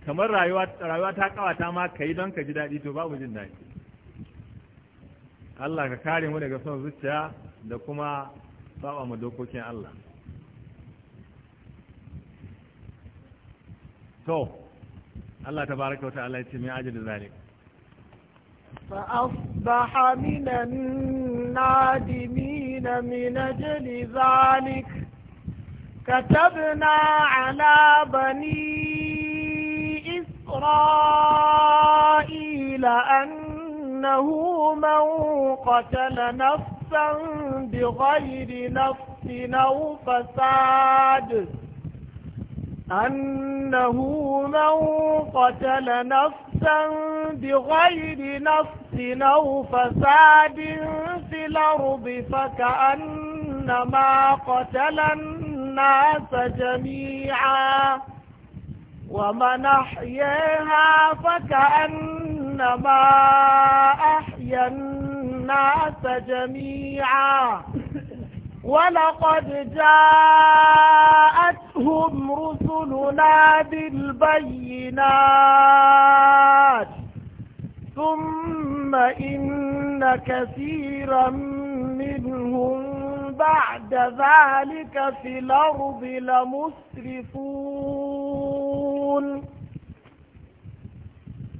kamar rayuwa ta kawata ma yi don ka ji daɗi to babu jin daɗi Allah ka kare mu daga son zuciya da kuma saba mu dokokin Allah to Allah baraka wata Allah ya ce mai ajin zane فأصبح من النادمين من أجل ذلك كتبنا على بني إسرائيل أنه من قتل نفسا بغير نفس أو فساد أنه من قتل نفسا بغير نفس أو فساد في الأرض فكأنما قتل النفس الناس جميعا ومن أحيها فكأنما أحيا الناس جميعا ولقد جاءتهم رسلنا بالبينات ثم إن كثيرا منهم بعد ذلك في الأرض لمسرفون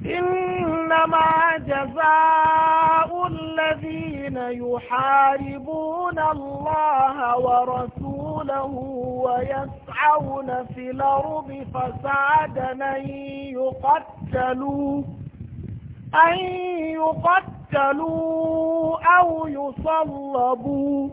إنما جزاء الذين يحاربون الله ورسوله ويسعون في الأرض فسادا أن يقتلوا أن يقتلوا أو يصلبوا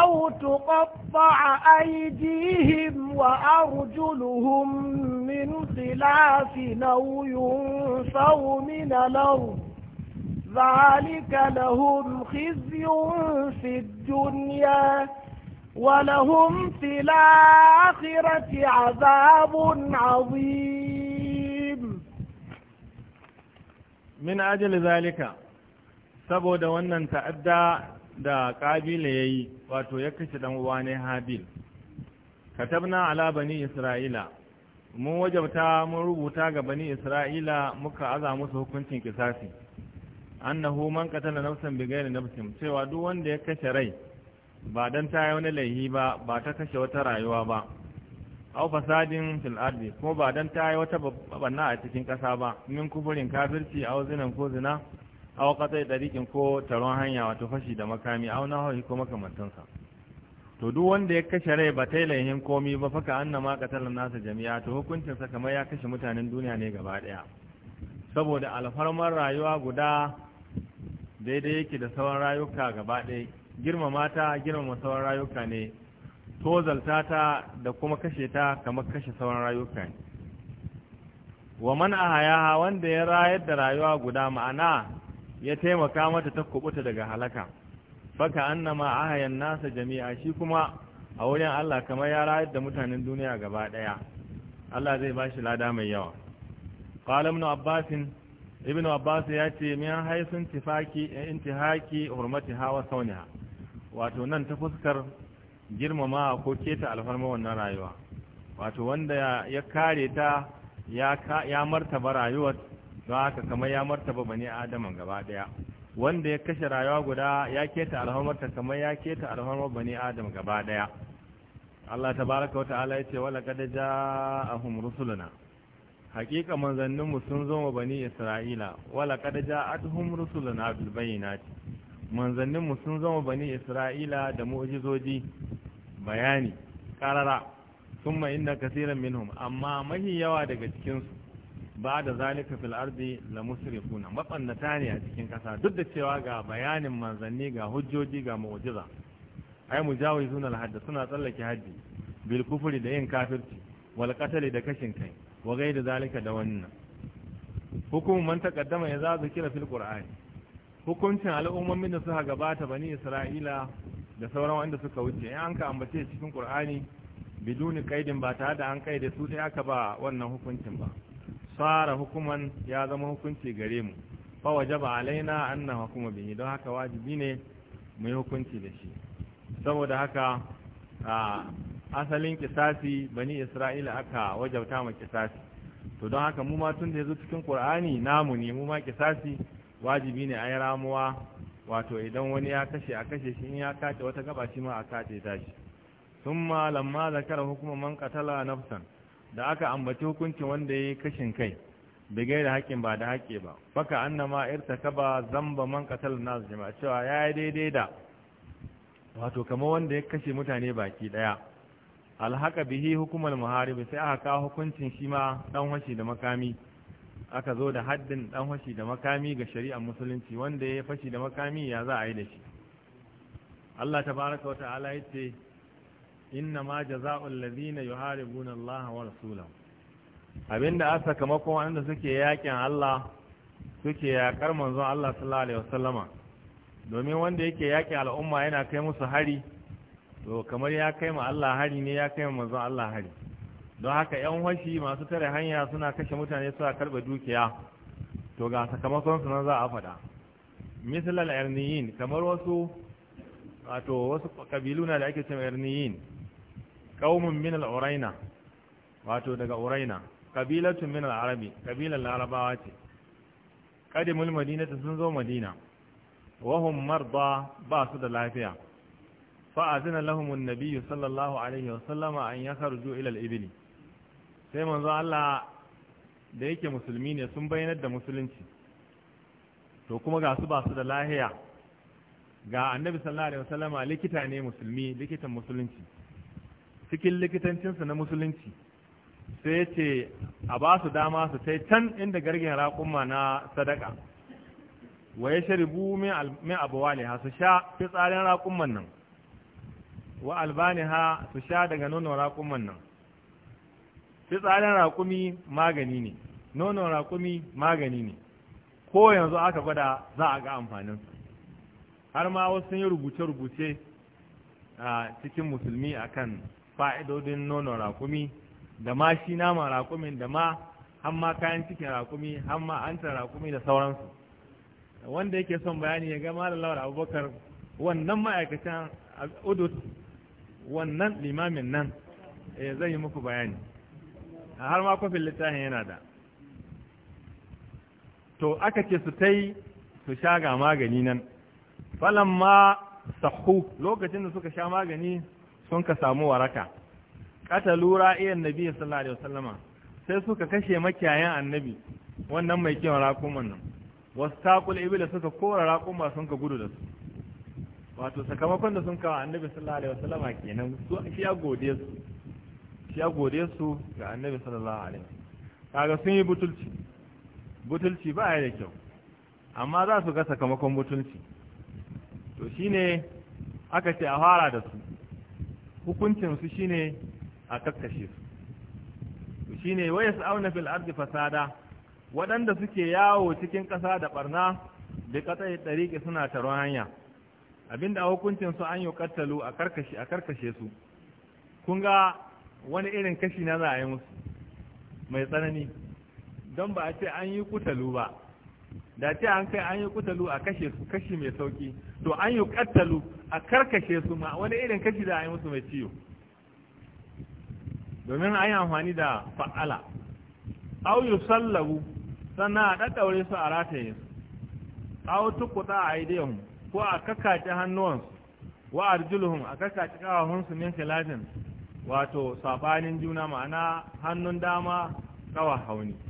أو تقطع أيديهم وأرجلهم من خلاف أو ينفوا من الأرض ذلك لهم خزي في الدنيا ولهم في الآخرة عذاب عظيم من أجل ذلك سبود ونن تأدى da ƙabila ya yi wato ya kashe ɗan'uwa ne habil katabna ala bani isra'ila mun wajabta mun rubuta ga bani isra'ila muka aza musu hukuncin kisasi annahu man qatala nafsan bighairi nafsin cewa duk wanda ya kashe rai ba dan ta yi wani laihi ba ba ta kashe wata rayuwa ba aw fasadin fil ardi ko ba dan ta yi wata banna a cikin kasa ba min kufurin kafirci aw zinan ko zina aw qatai ɗariƙin ko taron hanya wato fashi da makami wani hauhi ko makamantansa to duk wanda ya kashe rai ba laihin komi ba faka annama makatar nasa jami'a to hukuncin sa kamar ya kashe mutanen duniya ne gaba daya saboda alfarmar rayuwa guda daidai yake da sauran rayuka gaba ɗaya girmama ta girmama sauran rayuka ne tozalta ta da kuma kashe ta kamar kashe sauran rayuka ne wa man ahaya wanda ya rayar da rayuwa guda ma'ana ya taimaka mata ta kubuta daga halaka faka annama ahayan nasa jami'a shi kuma a wurin Allah kamar ya rayar da mutanen duniya gaba daya Allah zai ba shi lada mai yawa qala ibn abbas ibn abbas ya ce min haisun tifaki intihaki hurmatiha wa sauniha wato nan ta fuskar girmama ko keta alfarma wannan rayuwa wato wanda ya kare ta ya martaba rayuwar don haka kamar ya martaba bani adama gaba daya wanda ya kashe rayuwa guda ya keta alhamarta kamar ya keta alhamar bani adam gaba daya Allah tabaraka wa ta'ala yace wala kad ja'ahum rusuluna haqiqa manzanninmu sun zo ma bani isra'ila wala kad ja'atuhum rusuluna bil bayyinati manzanninmu sun zo ma bani isra'ila da mu'jizoji bayani karara thumma inna kaseeran minhum amma mahi yawa daga cikin su ba da zalika fil ardi la musrifuna matsannata ne a cikin kasa duk da cewa ga bayanin manzanni ga hujjoji ga mu'jiza ai mujawizuna al hadd suna tsallake haddi bil kufri da yin kafirci wal qatl da kashin kai wa gaida zalika da wannan hukumun man taqaddama ya za zikira fil qur'an hukuncin al'ummomin da suka gabata bani isra'ila da sauran wanda suka wuce in an ka ambace cikin qur'ani biduni kaidin ba tare da an kaide su sai aka ba wannan hukuncin ba fara hukuman ya zama hukunci gare mu fa wajaba alaina anna hukuma bihi don haka wajibi ne mu yi hukunci da shi saboda haka a asalin kisasi bani isra'ila aka wajabta ma kisasi to don haka mu ma tun da yazo cikin qur'ani namu ne mu ma kisasi wajibi ne ayi ramuwa wato idan wani ya kashe a kashe shi in ya kace wata gaba shi ma a kace ta shi thumma lamma zakara hukuma man qatala nafsan da aka ambaci hukuncin wanda ya yi kashin kai gai da haƙƙin ba da haƙƙi ba baka annama kaba, zamba man qatal nas jama'a cewa yi daidai da wato kamar wanda ya kashe mutane baki ɗaya, alhaka bihi hukumar bai sai aka kawo hukuncin shi ma ɗan washi da makami aka zo da haddin ɗan hashi da makami ga shari'ar musulunci wanda ya fashi da makami ya za a yi da shi Allah tabaraka wa ta'ala yace inna ma jaza'ul ladina yuharibuna Allah wa rasulahu abinda a sakamakon wanda suke yakin Allah suke yakar manzon Allah sallallahu alaihi wasallama domin wanda yake yakin al'umma yana kai musu hari to kamar ya kai ma Allah hari ne ya kai ma manzon Allah hari don haka yan hashi masu tare hanya suna kashe mutane suna karɓe dukiya to ga sakamakon su nan za a faɗa misalan erniyin kamar wasu wato wasu kabilu na da ake cewa erniyin Ƙaumin min al-uraina wato daga uraina qabilatun min al-arabi qabilan larabawa ce Kada qadimul madinata sun zo madina wa hum ba su da lafiya fa azina lahum an-nabiy sallallahu alaihi wa sallama an yakhruju ila ilal ibli sai manzo Allah da yake musulmi ne sun bayyana da musulunci to kuma ga su ba su da lahiya ga annabi sallallahu alaihi wasallama likita ne musulmi likitan musulunci cikin likitancinsu na musulunci sai ya ce a ba su dama su sai can inda gargin raƙumma na sadaka wa ya sharibu min abuwali ha su sha fitsarin raƙumman nan wa albani ha su sha daga nonon raƙumman nan fitsarin raƙumi magani ne nonon raƙumi magani ne ko yanzu aka gwada za a ga amfaninsa har ma wasu sun yi rubuce-rubuce a cikin musulmi akan fa'idodin nono rakumi da ma shi naman rakumin da ma hamma kayan cikin rakumi hamma antar rakumi da sauransu wanda yake son bayani ya gama da laura abubakar wannan ma'aikacin udut wannan limamin nan eh, zai yi muku bayani har ma kofin littafin yana da to aka ce su ta yi su sha ga magani nan ma sahu lokacin da suka sha magani sun ka samu waraka lura iya nabi ya sallallahu alaihi wasallama sai suka kashe makiyayen annabi wannan mai kiyon raƙuman nan wasu taƙul ibila suka kora raƙuma sun ka gudu da su wato sakamakon da sun kawo annabi sallallahu alaihi wasallama kenan su shi ya gode su shi ya gode su ga annabi sallallahu alaihi kaga sun yi butulci butulci ba ya da kyau amma za su ga sakamakon butulci to shine aka ce a fara da su hukuncinsu shine a kakkashe su shine waya fil ardi fasada waɗanda suke yawo cikin ƙasa da barna da ƙasai ɗariƙi suna taron hanya abinda a hukuncin su an yi kattalu a karkashe a karkashe su kun ga wani irin kashi na za a yi musu mai tsanani don ba a ce an yi kutalu ba da ce an kai an yi kutalu a kashe kashi mai sauki to an yi kattalu a karkashe su ma wani irin kashi da an yi musu mai ciwo domin an yi amfani da fa'ala au yi sallabu sannan a ɗaɗɗaure su a rataye su au tukuta a aidiyahun ko a kakace hannuwansu wa arjuluhun a kakace kawahunsu min khilafin wato sabanin juna ma'ana hannun dama kawahauni hauni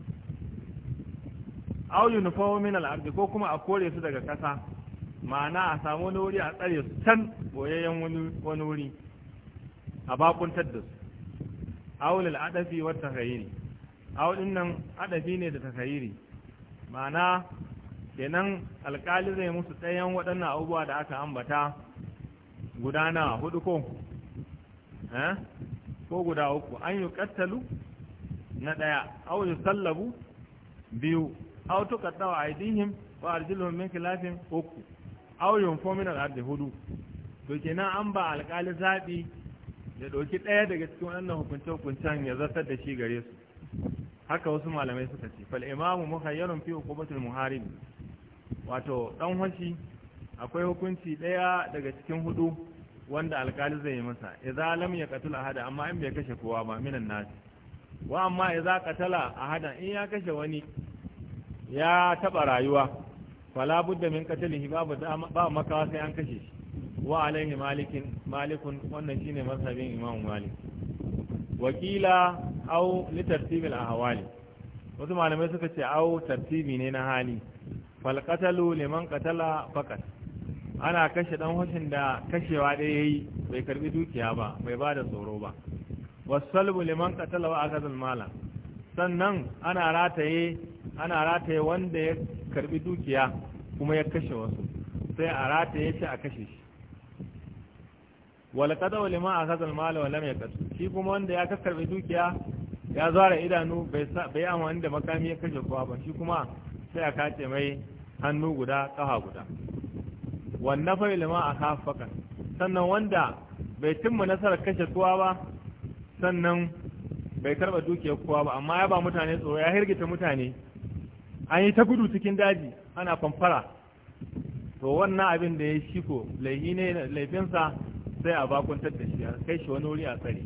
Au yunfawu min al ko kuma a kore su daga kasa ma'ana a samu wani wuri a tsare su can boyayyen wani wuri a bakuntar da su awulil adafi wa au din nan adafi ne da takhayiri ma'ana kenan alkali zai musu tsayen waɗannan abubuwa da aka ambata gudana hudu ko eh? ko guda uku an yi kattalu na ɗaya yi sallabu biyu aw tawa aydihim wa arjuluhum min khilafin uku aw yunfu min al-ard hudu to kenan an ba alƙali zabi ya doki daya daga cikin wannan hukuncin hukuncen ya zartar da shi gare su haka wasu malamai suka ce fal imamu muhayyarun fi hukumatul muharib wato dan hoshi akwai hukunci daya daga cikin hudu wanda alƙali zai yi masa idza lam yaqtul ahada amma in bai kashe kowa ba minan nasi wa amma idza qatala ahada in ya kashe wani ya taɓa rayuwa fala budda min katalihi babu ba makawa sai an kashe shi wa alaihi malikin malikun wannan shine mazhabin imam malik wakila au li tartibil ahwali wasu malamai suka ce au tartibi ne na hali fal qatalu liman qatala faqat ana kashe dan hushin da kashewa da yayi bai karbi dukiya ba bai bada tsoro ba wasalbu liman qatala wa akhadha mala sannan ana rataye ana rataye wanda ya karbi dukiya kuma ya kashe wasu sai a rataye shi a kashe shi wala kada wale ma a kasar mala wala mai kasu shi kuma wanda ya karbi dukiya ya zara idanu bai yi amfani da makami ya kashe kowa ba shi kuma sai a kace mai hannu guda kafa guda wanda fa ilma a faka sannan wanda bai cimma nasarar kashe kowa ba sannan bai karba dukiyar kowa ba amma ya ba mutane tsoro ya hirgita mutane an yi ta gudu cikin daji ana kwamfara to wannan abin da ya shiko laifi ne laifinsa sai a bakuntar da shi a kai shi wani wuri a tsare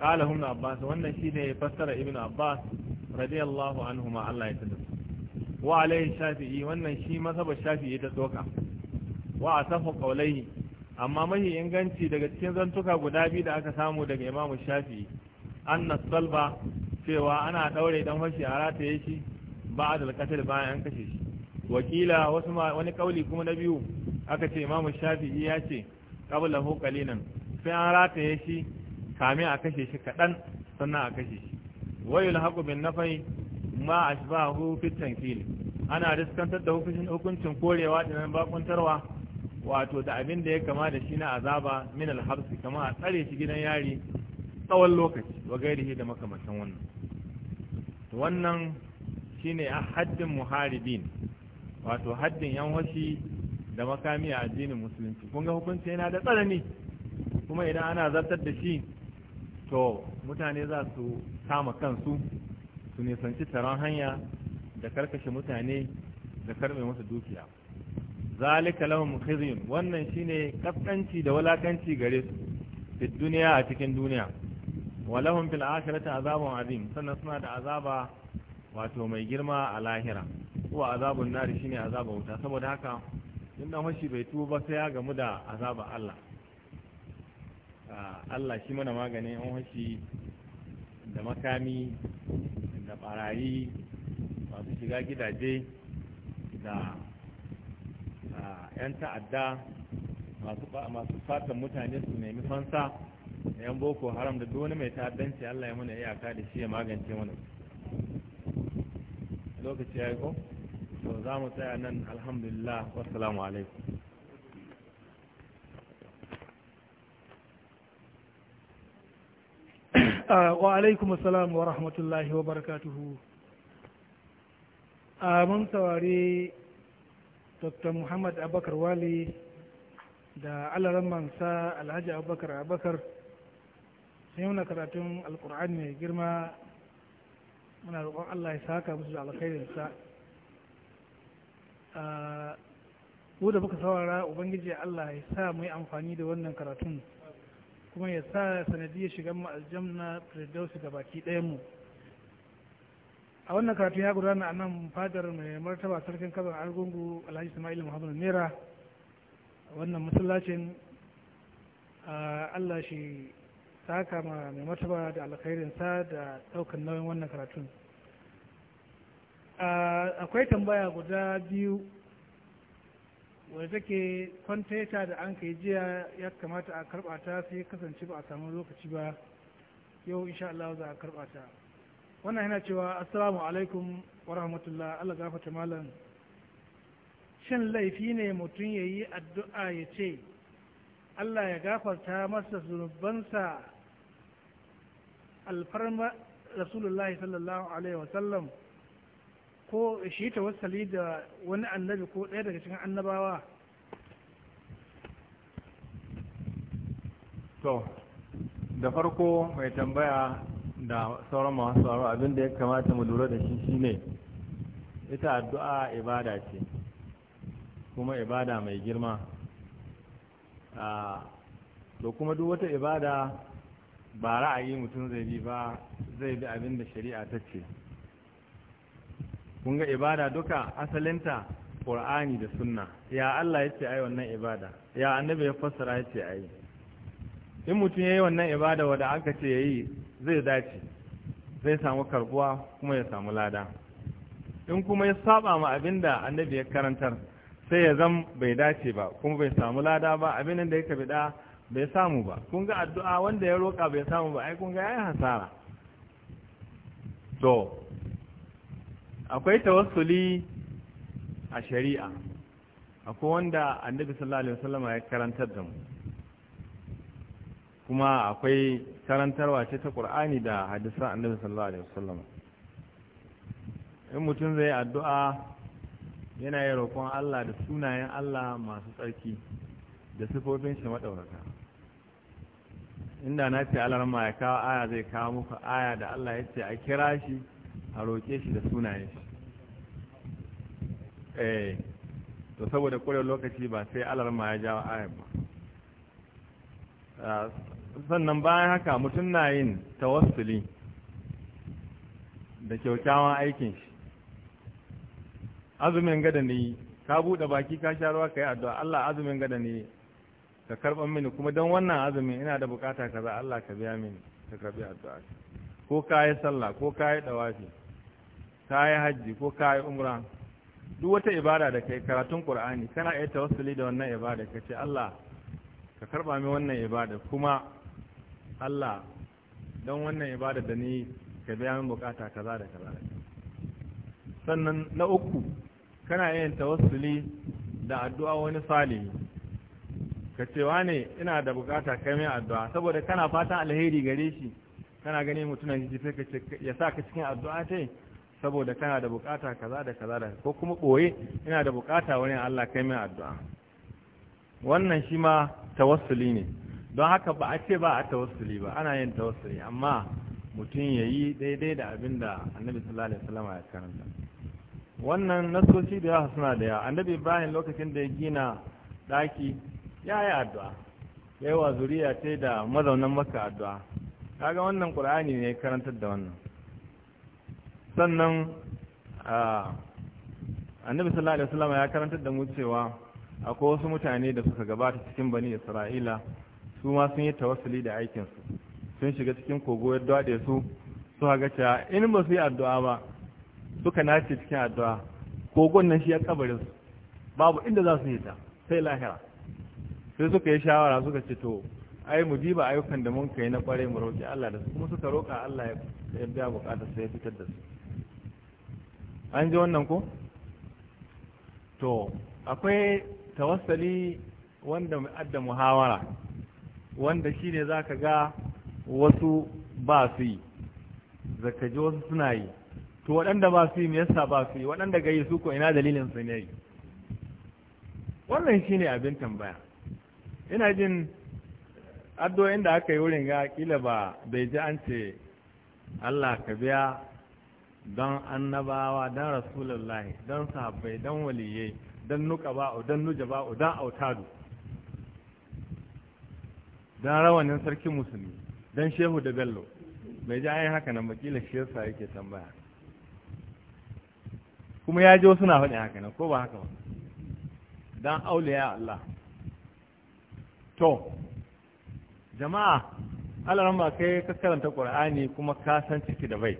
ƙala ibn abbas wannan shi ya fassara ibn abbas radiyallahu ma Allah ya tada wa alaihi shafi'i wannan shi masaba shafi'i ta doka wa asafu qawlaihi amma mahi inganci daga cikin zantuka guda biyu da aka samu daga imamu shafi'i anna salba cewa ana daure dan fashi a rataye shi Ba al-qatl bayan an kashe shi wakila wasu wani kauli kuma na biyu aka ce imamu shafi ya ce qabla hukali nan sai an rataye shi kame a kashe shi kaɗan sannan a kashe shi na haqu bin nafai ma ba fi tankil ana riskantar da hukuncin hukuncin korewa da nan bakuntarwa wato da abin da ya kama da shi na azaba min alhabsi kama a tsare shi gidan yari tsawon lokaci wa gairihi da makamashin wannan wannan shine a haddin muharibin wato haddin yan wasi da makami a addinin musulunci kun ga hukunci yana da tsanani kuma idan ana zartar da shi to mutane za su kama kansu su nisanci taron hanya da karkashe mutane da karbe masa dukiya zalika lahum khizyun wannan shine kaskanci da walakanci gare su fi duniya a cikin duniya walahum fil akhirati azabun azim sannan suna da azaba wato mai girma a lahira kuwa azabun nari shine azaba wuta saboda haka in dan fashi bai ba sai ya gamu da azaba Allah Allah shi mana magani in fashi da makami da barayi masu shiga gidaje da yan ta'adda masu fatan mutane su nemi fansa da yan boko haram da duk wani mai ta'addanci Allah ya mana iyaka da shi ya magance mana lokaci ya yi ko to za mu tsaya nan alhamdulillah wassalamu alaikum ah, wa alaikum assalam wa rahmatullahi wa barakatuhu a ah, mun saurari dr muhammad abakar wali da alaran mansa alhaji Abakar abakar sun yi karatun alkur'ani mai girma muna roƙon Allah ya saka musu da alkhairinsa mu da muka saurara ubangiji Allah ya sa mu yi amfani da wannan karatun kuma ya sa sanadiyar shigar mu aljanna firdausi ga baki ɗayan mu a wannan karatu ya gudana a nan fadar mai martaba sarkin kazan argungu alhaji ismail muhammad nera wannan masallacin Allah shi ta haka ma mai mataba da alkhairinsa da ɗaukan nauyin wannan karatun ah, akwai tambaya guda biyu wadda take kwantaita da an kai jiya ya kamata a karbata sai kasance ba a samu lokaci ba yau insha Allah za a karbata wannan yana cewa assalamu alaikum wa rahmatullah Allah gafata malam shin laifi ne mutum yayi addu'a ya ce Allah ya gafarta masa zunubansa alfarma rasulullah sallallahu alaihi wasallam ko shi tawassali da wani annabi ko ɗaya daga cikin annabawa to da farko mai tambaya da sauran masu abin abinda ya kamata mu lura da shi shine ita addu'a ibada ce kuma ibada mai girma ah, to kuma duk wata ibada ba ra'ayi mutum zai bi ba zai bi abin da shari'a ta ce kun ga ibada duka asalinta ƙur'ani da sunna ya Allah ya ce ai wannan ibada ya annabi ya fassara ya ce ai in mutum ya yi wannan ibada wadda aka ce ya yi zai dace zai samu karbuwa kuma ya samu lada in kuma ya saba ma abinda annabi ya karantar sai ya zama bai dace ba kuma bai samu lada ba abin da ya kabida bai samu ba kun ga addu'a wanda ya roƙa bai samu ba ai kun ga yayi hasara to akwai tawassuli a shari'a akwai wanda annabi sallallahu alaihi ya karantar da mu kuma akwai karantarwa ce ta Qur'ani da hadisan annabi sallallahu alaihi in mutum zai addu'a yana yi roƙon Allah da sunayen Allah masu tsarki da sifofin shi maɗaurata inda na ce alarma ya kawo aya zai kawo muku aya da Allah ya ce a kira shi a roƙe shi da sunaye shi eh to saboda kore lokaci ba sai ma ya jawo a'ya ba ah, sannan bayan haka mutum na yin tawassuli da kyaukyawan aikin shi azumin gada ne ka buɗe baki ka sha ruwa ka yi addu'a Allah azumin gada ne ka karɓar mini kuma don wannan azumin ina da bukata kaza Allah ka biya mini ka karɓi addu'a ko ka yi sallah ko ka yi ɗawafi ka yi hajji ko ka yi umra duk wata ibada da kai karatun qur'ani kana iya tawassuli da wannan ibada ka ce Allah ka karba min wannan ibada kuma Allah don wannan ibada da ni ka biya min bukata kaza da kaza sannan na uku kana iya tawassuli da addu'a wani salihi ka cewa ne ina da bukata kai addu'a saboda kana fatan alheri gare shi kana gani mutumin jiji sai ya sa ka cikin addu'a tai saboda kana da bukata kaza da kaza da ko kuma boye ina da bukata wani Allah kai addu'a wannan shi ma tawassuli ne don haka ba a ce ba a tawassuli ba ana yin tawassuli amma mutum ya yi daidai da abin da annabi sallallahu alaihi wasallam ya karanta wannan nasoshi da yawa suna da yawa annabi ibrahim lokacin da ya gina daki ya yi addu'a ya yi wa zuriya ce da mazaunan maka addu'a kaga wannan ƙur'ani ne karantar da wannan sannan annabi sallallahu alaihi wasallam ya karantar da mu cewa akwai wasu mutane da suka gabata cikin bani isra'ila su ma sun yi tawassuli da aikinsu sun shiga cikin kogo ya dade su su haga cewa in ba su yi addu'a ba suka nace cikin addu'a kogon nan shi ya kabarin su babu inda za su yi ta sai lahira sai suka yi shawara suka ce to ai mu diba ayyukan da mun kai na kwarai mu roƙi Allah da su kuma suka roƙa Allah ya biya bukatar sai ya fitar da su an ji wannan ko to akwai tawassali wanda adda muhawara wanda shine zaka ga wasu ba su yi zaka ji wasu suna yi to waɗanda ba su yi me yasa ba su yi waɗanda gayi su ko ina dalilin su ne wannan shine abin tambaya ina jin addu'o'in da aka yi wurin ga kila ba bai ji an ce Allah ka biya don annabawa don rasulullahi don sahabbai don waliye don nukaba'u don nujaba'u don autadu don rawanin sarki musulmi don shehu da bello bai ji ayin haka nan makila shi yasa yake tambaya kuma ya ji wasu na faɗin haka nan ko ba haka ba don auliya Allah to jama'a alaran ba kai ka karanta qur'ani kuma ka san ciki da bai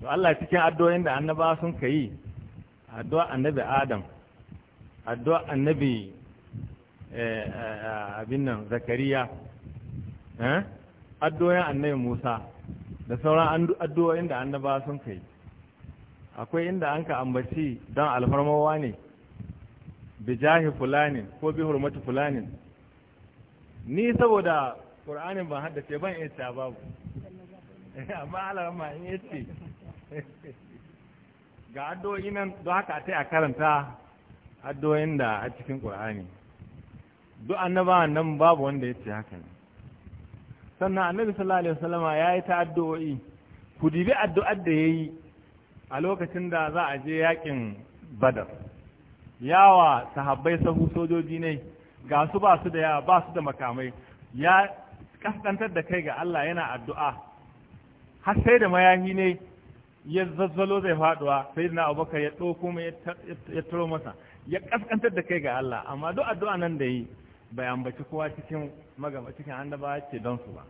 to Allah cikin addu'o'in da annaba sun kai addu'a annabi Adam addu'a annabi eh, eh, abin nan Zakariya eh addu'o'in annabi Musa da sauran addu'o'in da annaba sun kai akwai inda an ka ambaci don alfarmawa ne bijahi fulani ko bi hurmati fulani. ni saboda ƙur'anin ban haddace ban iya ta babu amma ma in yace ga addu'o'i nan don haka a a karanta addu'o'in da a cikin ƙur'ani duk annaba nan babu wanda ya ce haka ne sannan annabi sallallahu alaihi wasallama ya yi ta addu'o'i ku dibi addu'ar da ya yi a lokacin da za a je yakin badar yawa sahabbai sahu sojoji ne ga su ba su da yawa ba su da makamai ya kaskantar da kai ga Allah yana addu'a har sai da mayahi ne ya zazzalo zai faduwa sai na abubakar ya ɗauko mai ya turo masa ya kaskantar da kai ga Allah amma duk addu'a nan da yi bai ambaci kowa cikin magaba cikin ya ce don su ba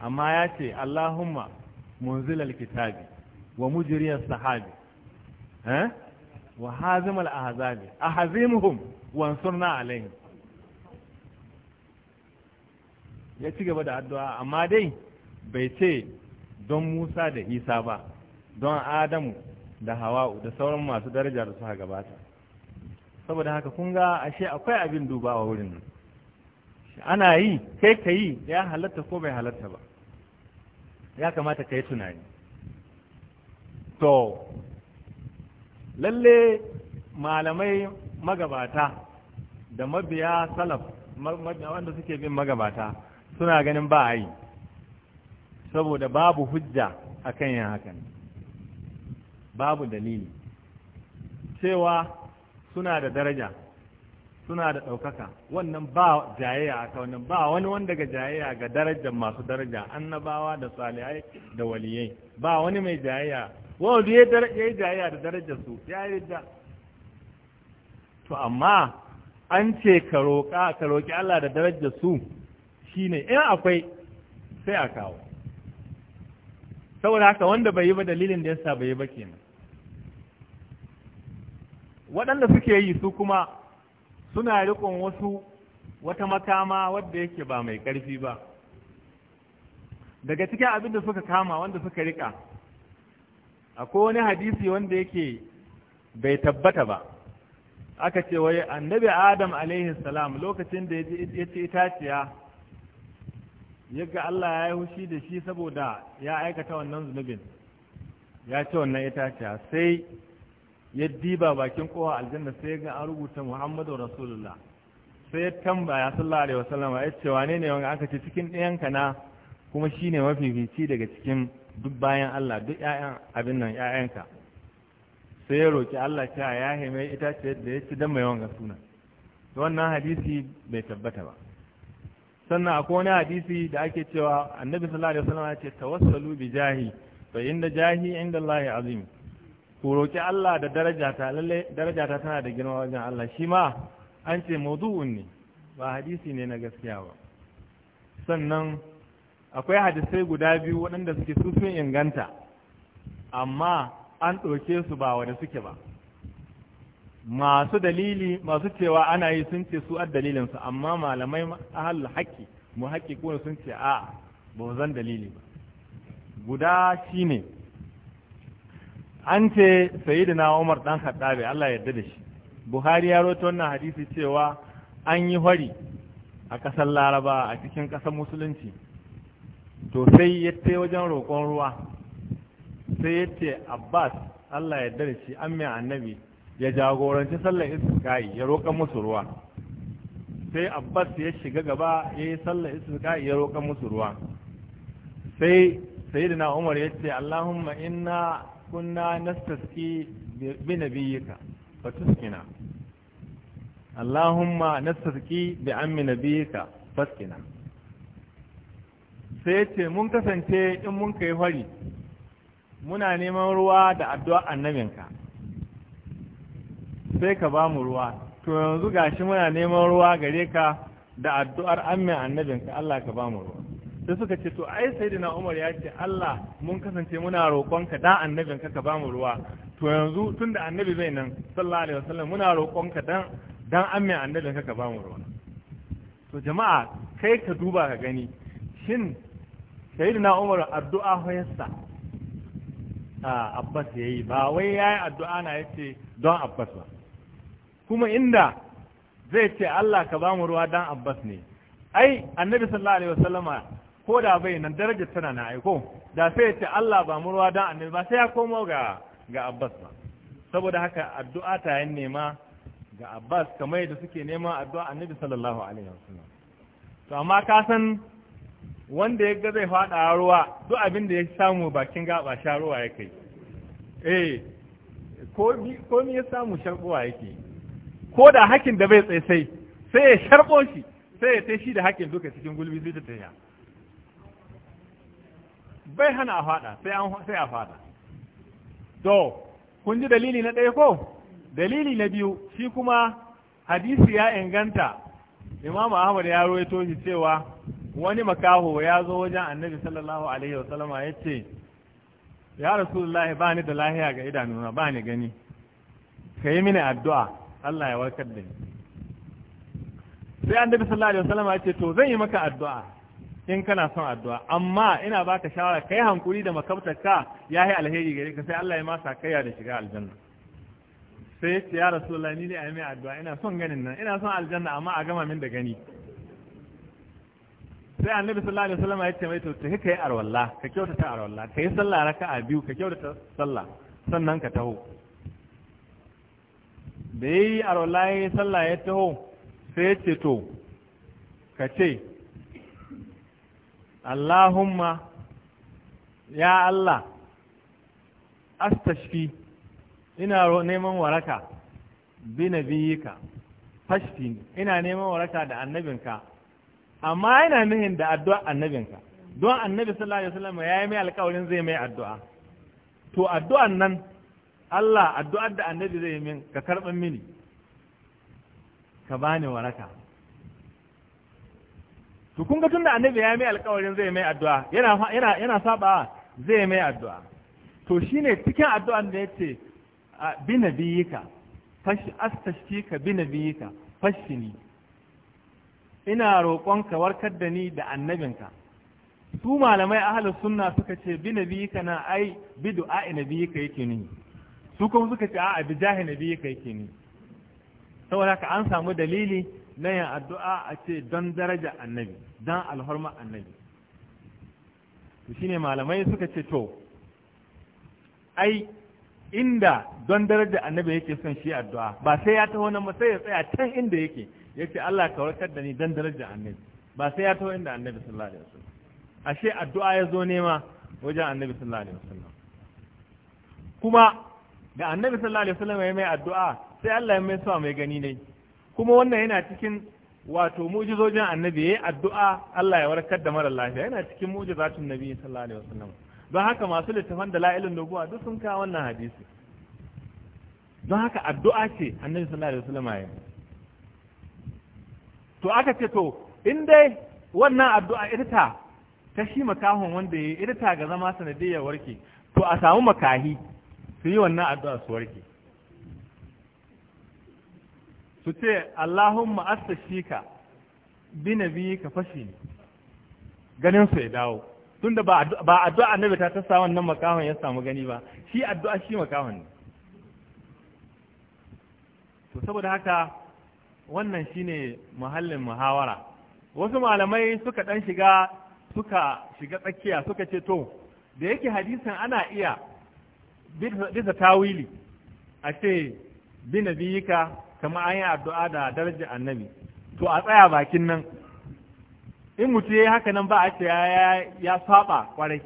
amma ya ce Allahumma munzilal kitabi wa mujiriyar sahabi eh? wa hazimal ahzabi wa ansurna alaihim ya ci gaba da addu'a amma dai bai ce don Musa da Isa ba don Adamu da Hawa'u da sauran masu daraja da suka gabata saboda haka kun ga ashe akwai abin duba a wurin nan ana yi kai ka yi ya halatta ko bai halatta ba ya kamata ka yi tunani to lalle malamai magabata da mabiya salaf wanda suke bin magabata suna ganin ba a yi saboda babu hujja a kan yin hakan babu dalili cewa suna da daraja suna da ɗaukaka wannan ba jayayya a wannan ba wani wanda ga jayayya ga darajar masu daraja annabawa da salihai da waliyai ba wani mai jayayya wanda ya yi jayayya da darajar su ya yi da to amma an ce ka roƙi Allah da darajar su ne in akwai sai a kawo saboda haka wanda bai yi ba dalilin da yasa bai yi ba kenan waɗanda suke yi su kuma suna riƙon wasu wata makama wadda yake ba mai ƙarfi ba daga cikin abin da suka kama wanda suka riƙa akwai wani hadisi wanda yake bai tabbata ba aka ce wai annabi adam alaihi salam lokacin da ya ce itaciya yaga Allah ya yi hushi da shi saboda ya aikata wannan zunubin ya ce wannan itaciya sai ya diba bakin kowa aljanna sai ga an rubuta muhammadu rasulullah sai ya tambaya sallallahu alaihi wasallam ya ce wane ne wanda aka ce cikin ɗayanka na kuma shine mafifici daga cikin duk bayan Allah duk yayan abin nan yayanka sai ya roki Allah cewa ya ita itace da ya ci dan mai wanga suna wannan hadisi bai tabbata ba sannan akwai wani hadisi da ake cewa annabi sallallahu alaihi wasallam ya ce tawassalu bi jahi fa inda jahi inda Allah azim ku roki Allah da darajata lalle darajata tana da girma wajen Allah shi ma an ce mawdu'un ne ba hadisi ne na gaskiya ba sannan akwai hadisai guda biyu waɗanda suke su sun inganta amma an ɗauke su ba wanda suke ba masu dalili masu cewa ana yi sun ce su a dalilinsu amma malamai ahal haƙƙi mu haƙƙi kuma sun ce a ba zan dalili ba guda shi ne. an ce na Umar dan Khattabi Allah yarda da shi Buhari ya rawaito wannan hadisi cewa an yi hori a ƙasar Laraba a cikin ƙasar Musulunci to sai ya ce wajen roƙon ruwa sai ya ce abbas allah ya dare an mai annabi ya jagoranci sallar iska'i ya roƙa musu ruwa sai abbas ya shiga gaba ya yi sallar iska'i ya roƙa musu ruwa sai sayyidina umar ya ce allahumma inna kunna nastaski bi nabiyyika fa tusqina allahumma nastaski bi ammi nabiyyika fasqina sai ce mun kasance in mun kai fari muna neman ruwa da addu'a annabinka sai ka ba mu ruwa to yanzu gashi muna neman ruwa gare ka da addu'ar amin annabinka Allah ka ba mu ruwa sai suka ce to ai sayyidina Umar ya ce Allah mun kasance muna roƙonka da annabinka ka ba mu ruwa to yanzu tunda annabi zai nan sallallahu alaihi wasallam muna roƙonka dan dan amin annabinka ka ba mu ruwa to jama'a kai ka duba ka gani shin sayyidina umar addu'a hoyarsa a abbas ya yi ba wai ya yi addu'a na ya ce don abbas ba kuma inda zai ce Allah ka ba mu ruwa don abbas ne ai annabi sallallahu alaihi wasallama ko da bai nan darajar tana na aiko da sai ya ce Allah ba mu ruwa don annabi ba sai ya komo ga ga abbas ba saboda haka addu'a ta yin nema ga abbas kamar yadda suke nema addu'a annabi sallallahu alaihi wasallam to amma ka san wanda ya ga zai fada ruwa duk abin da ya samu bakin gaba sha ruwa ya kai eh ko mi ya samu sharbuwa yake ko da hakin da bai tsaye sai sai ya sharbo shi sai ya tashi da hakin duka cikin gulbi zai ta taya bai hana a fada sai an sai a fada to kun ji dalili na ɗaya ko dalili na biyu shi kuma hadisi ya inganta imam ahmad ya rawaito shi cewa wani makaho ya zo wajen annabi sallallahu alaihi wasallama ya ce ya rasulullahi ba ni da lahiya ga idanuna ba ni gani ka yi mini addu'a Allah ya warkar da ni sai annabi sallallahu alaihi wasallama ya ce to zan yi maka addu'a in kana son addu'a amma ina baka shawara kai hankuri da ya yi alheri gare ka sai Allah ya masa kaiya da shiga aljanna sai ya ce ya rasulullahi ni dai a yi mai addu'a ina son ganin nan ina son aljanna amma a gama min da gani sai annabi sallallahu alaihi wasallam ya ce mai to ta kai arwalla ka kyautata arwalla kai sallah raka'a biyu ka ta sallah sannan ka taho da yayi arwalla ya sallah ya taho sai ya ce to ka ce Allahumma ya Allah astashfi ina neman waraka bi nabiyyika fashfi ina neman waraka da annabinka amma yana nuhin da addu'a annabinka don annabi sallallahu alaihi wasallam ya yi mai alƙawarin zai mai addu'a to addu'an nan Allah addu'ar da annabi zai min ka karɓar mini ka bani waraka to kun ga tunda annabi ya yi mai alƙawarin zai mai addu'a yana yana yana saba zai mai addu'a to shine cikin addu'an da a bi nabiyika fashi ka bi nabiyika ni ina roƙon ka warkar da ni da annabinka su malamai ahalus sunna suka ce bi ka na ai bi du'a du'a'i kai yake ni su kuma suka ce a'a bi jahi nabiyika yake ni saboda ka an samu dalili na yin addu'a a ce don daraja annabi don alhorma annabi to shine malamai suka ce to ai inda don daraja annabi yake son shi addu'a ba sai ya taho nan sai ya tsaya can inda yake yace Allah ka warkar da ni don daraja annabi ba sai ya taho inda annabi sallallahu alaihi wasallam ashe addu'a ya zo nema wajen annabi sallallahu alaihi wasallam kuma da annabi sallallahu alaihi wasallam ya mai addu'a sai Allah ya mai sa mai gani ne kuma wannan yana cikin wato mu'jizojin annabi yayi addu'a Allah ya warkar da mara lafiya yana cikin mu'jizatun nabi sallallahu alaihi wasallam don haka masu littafan da la'ilin nubuwa duk sun kawo wannan hadisi don haka addu'a ce annabi sallallahu alaihi wasallam to aka ce to in dai wannan addu'a irta ta shi makahon wanda ya irta ga zama sanadiyar warke to a samu makahi su yi wannan addu'a su warke su ce Allahumma astashika bi ka fashi ganin su ya dawo tunda ba addu'a annabi ta tasa wannan makahon ya samu gani ba shi addu'a shi makahon ne to saboda haka wannan shine muhallin muhawara wasu malamai suka dan shiga suka shiga tsakiya suka ce to da yake hadisin ana iya bisa tawili a ce bi nabiyika kama an yi addu'a da darajar annabi to a tsaya bakin nan in mutu ya yi haka nan ba a ce ya saba kwarai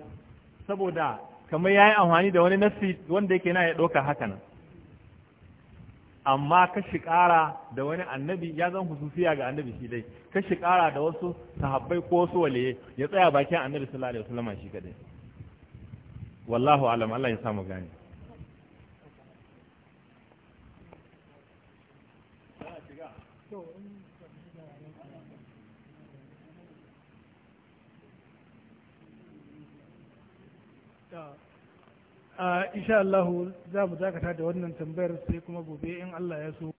saboda kamar ya yi amfani da wani nassi wanda yake na ya ɗauka haka nan amma kashi ƙara da wani annabi ya zan hususiya ga annabi shi dai kashi ƙara da wasu sahabbai ko wasu waliye ya tsaya bakin annabi sallallahu alaihi wasallam shi kadai wallahu alam Allah ya samu gani insha Allah za mu dakata da wannan tambayar sai kuma gobe in Allah ya so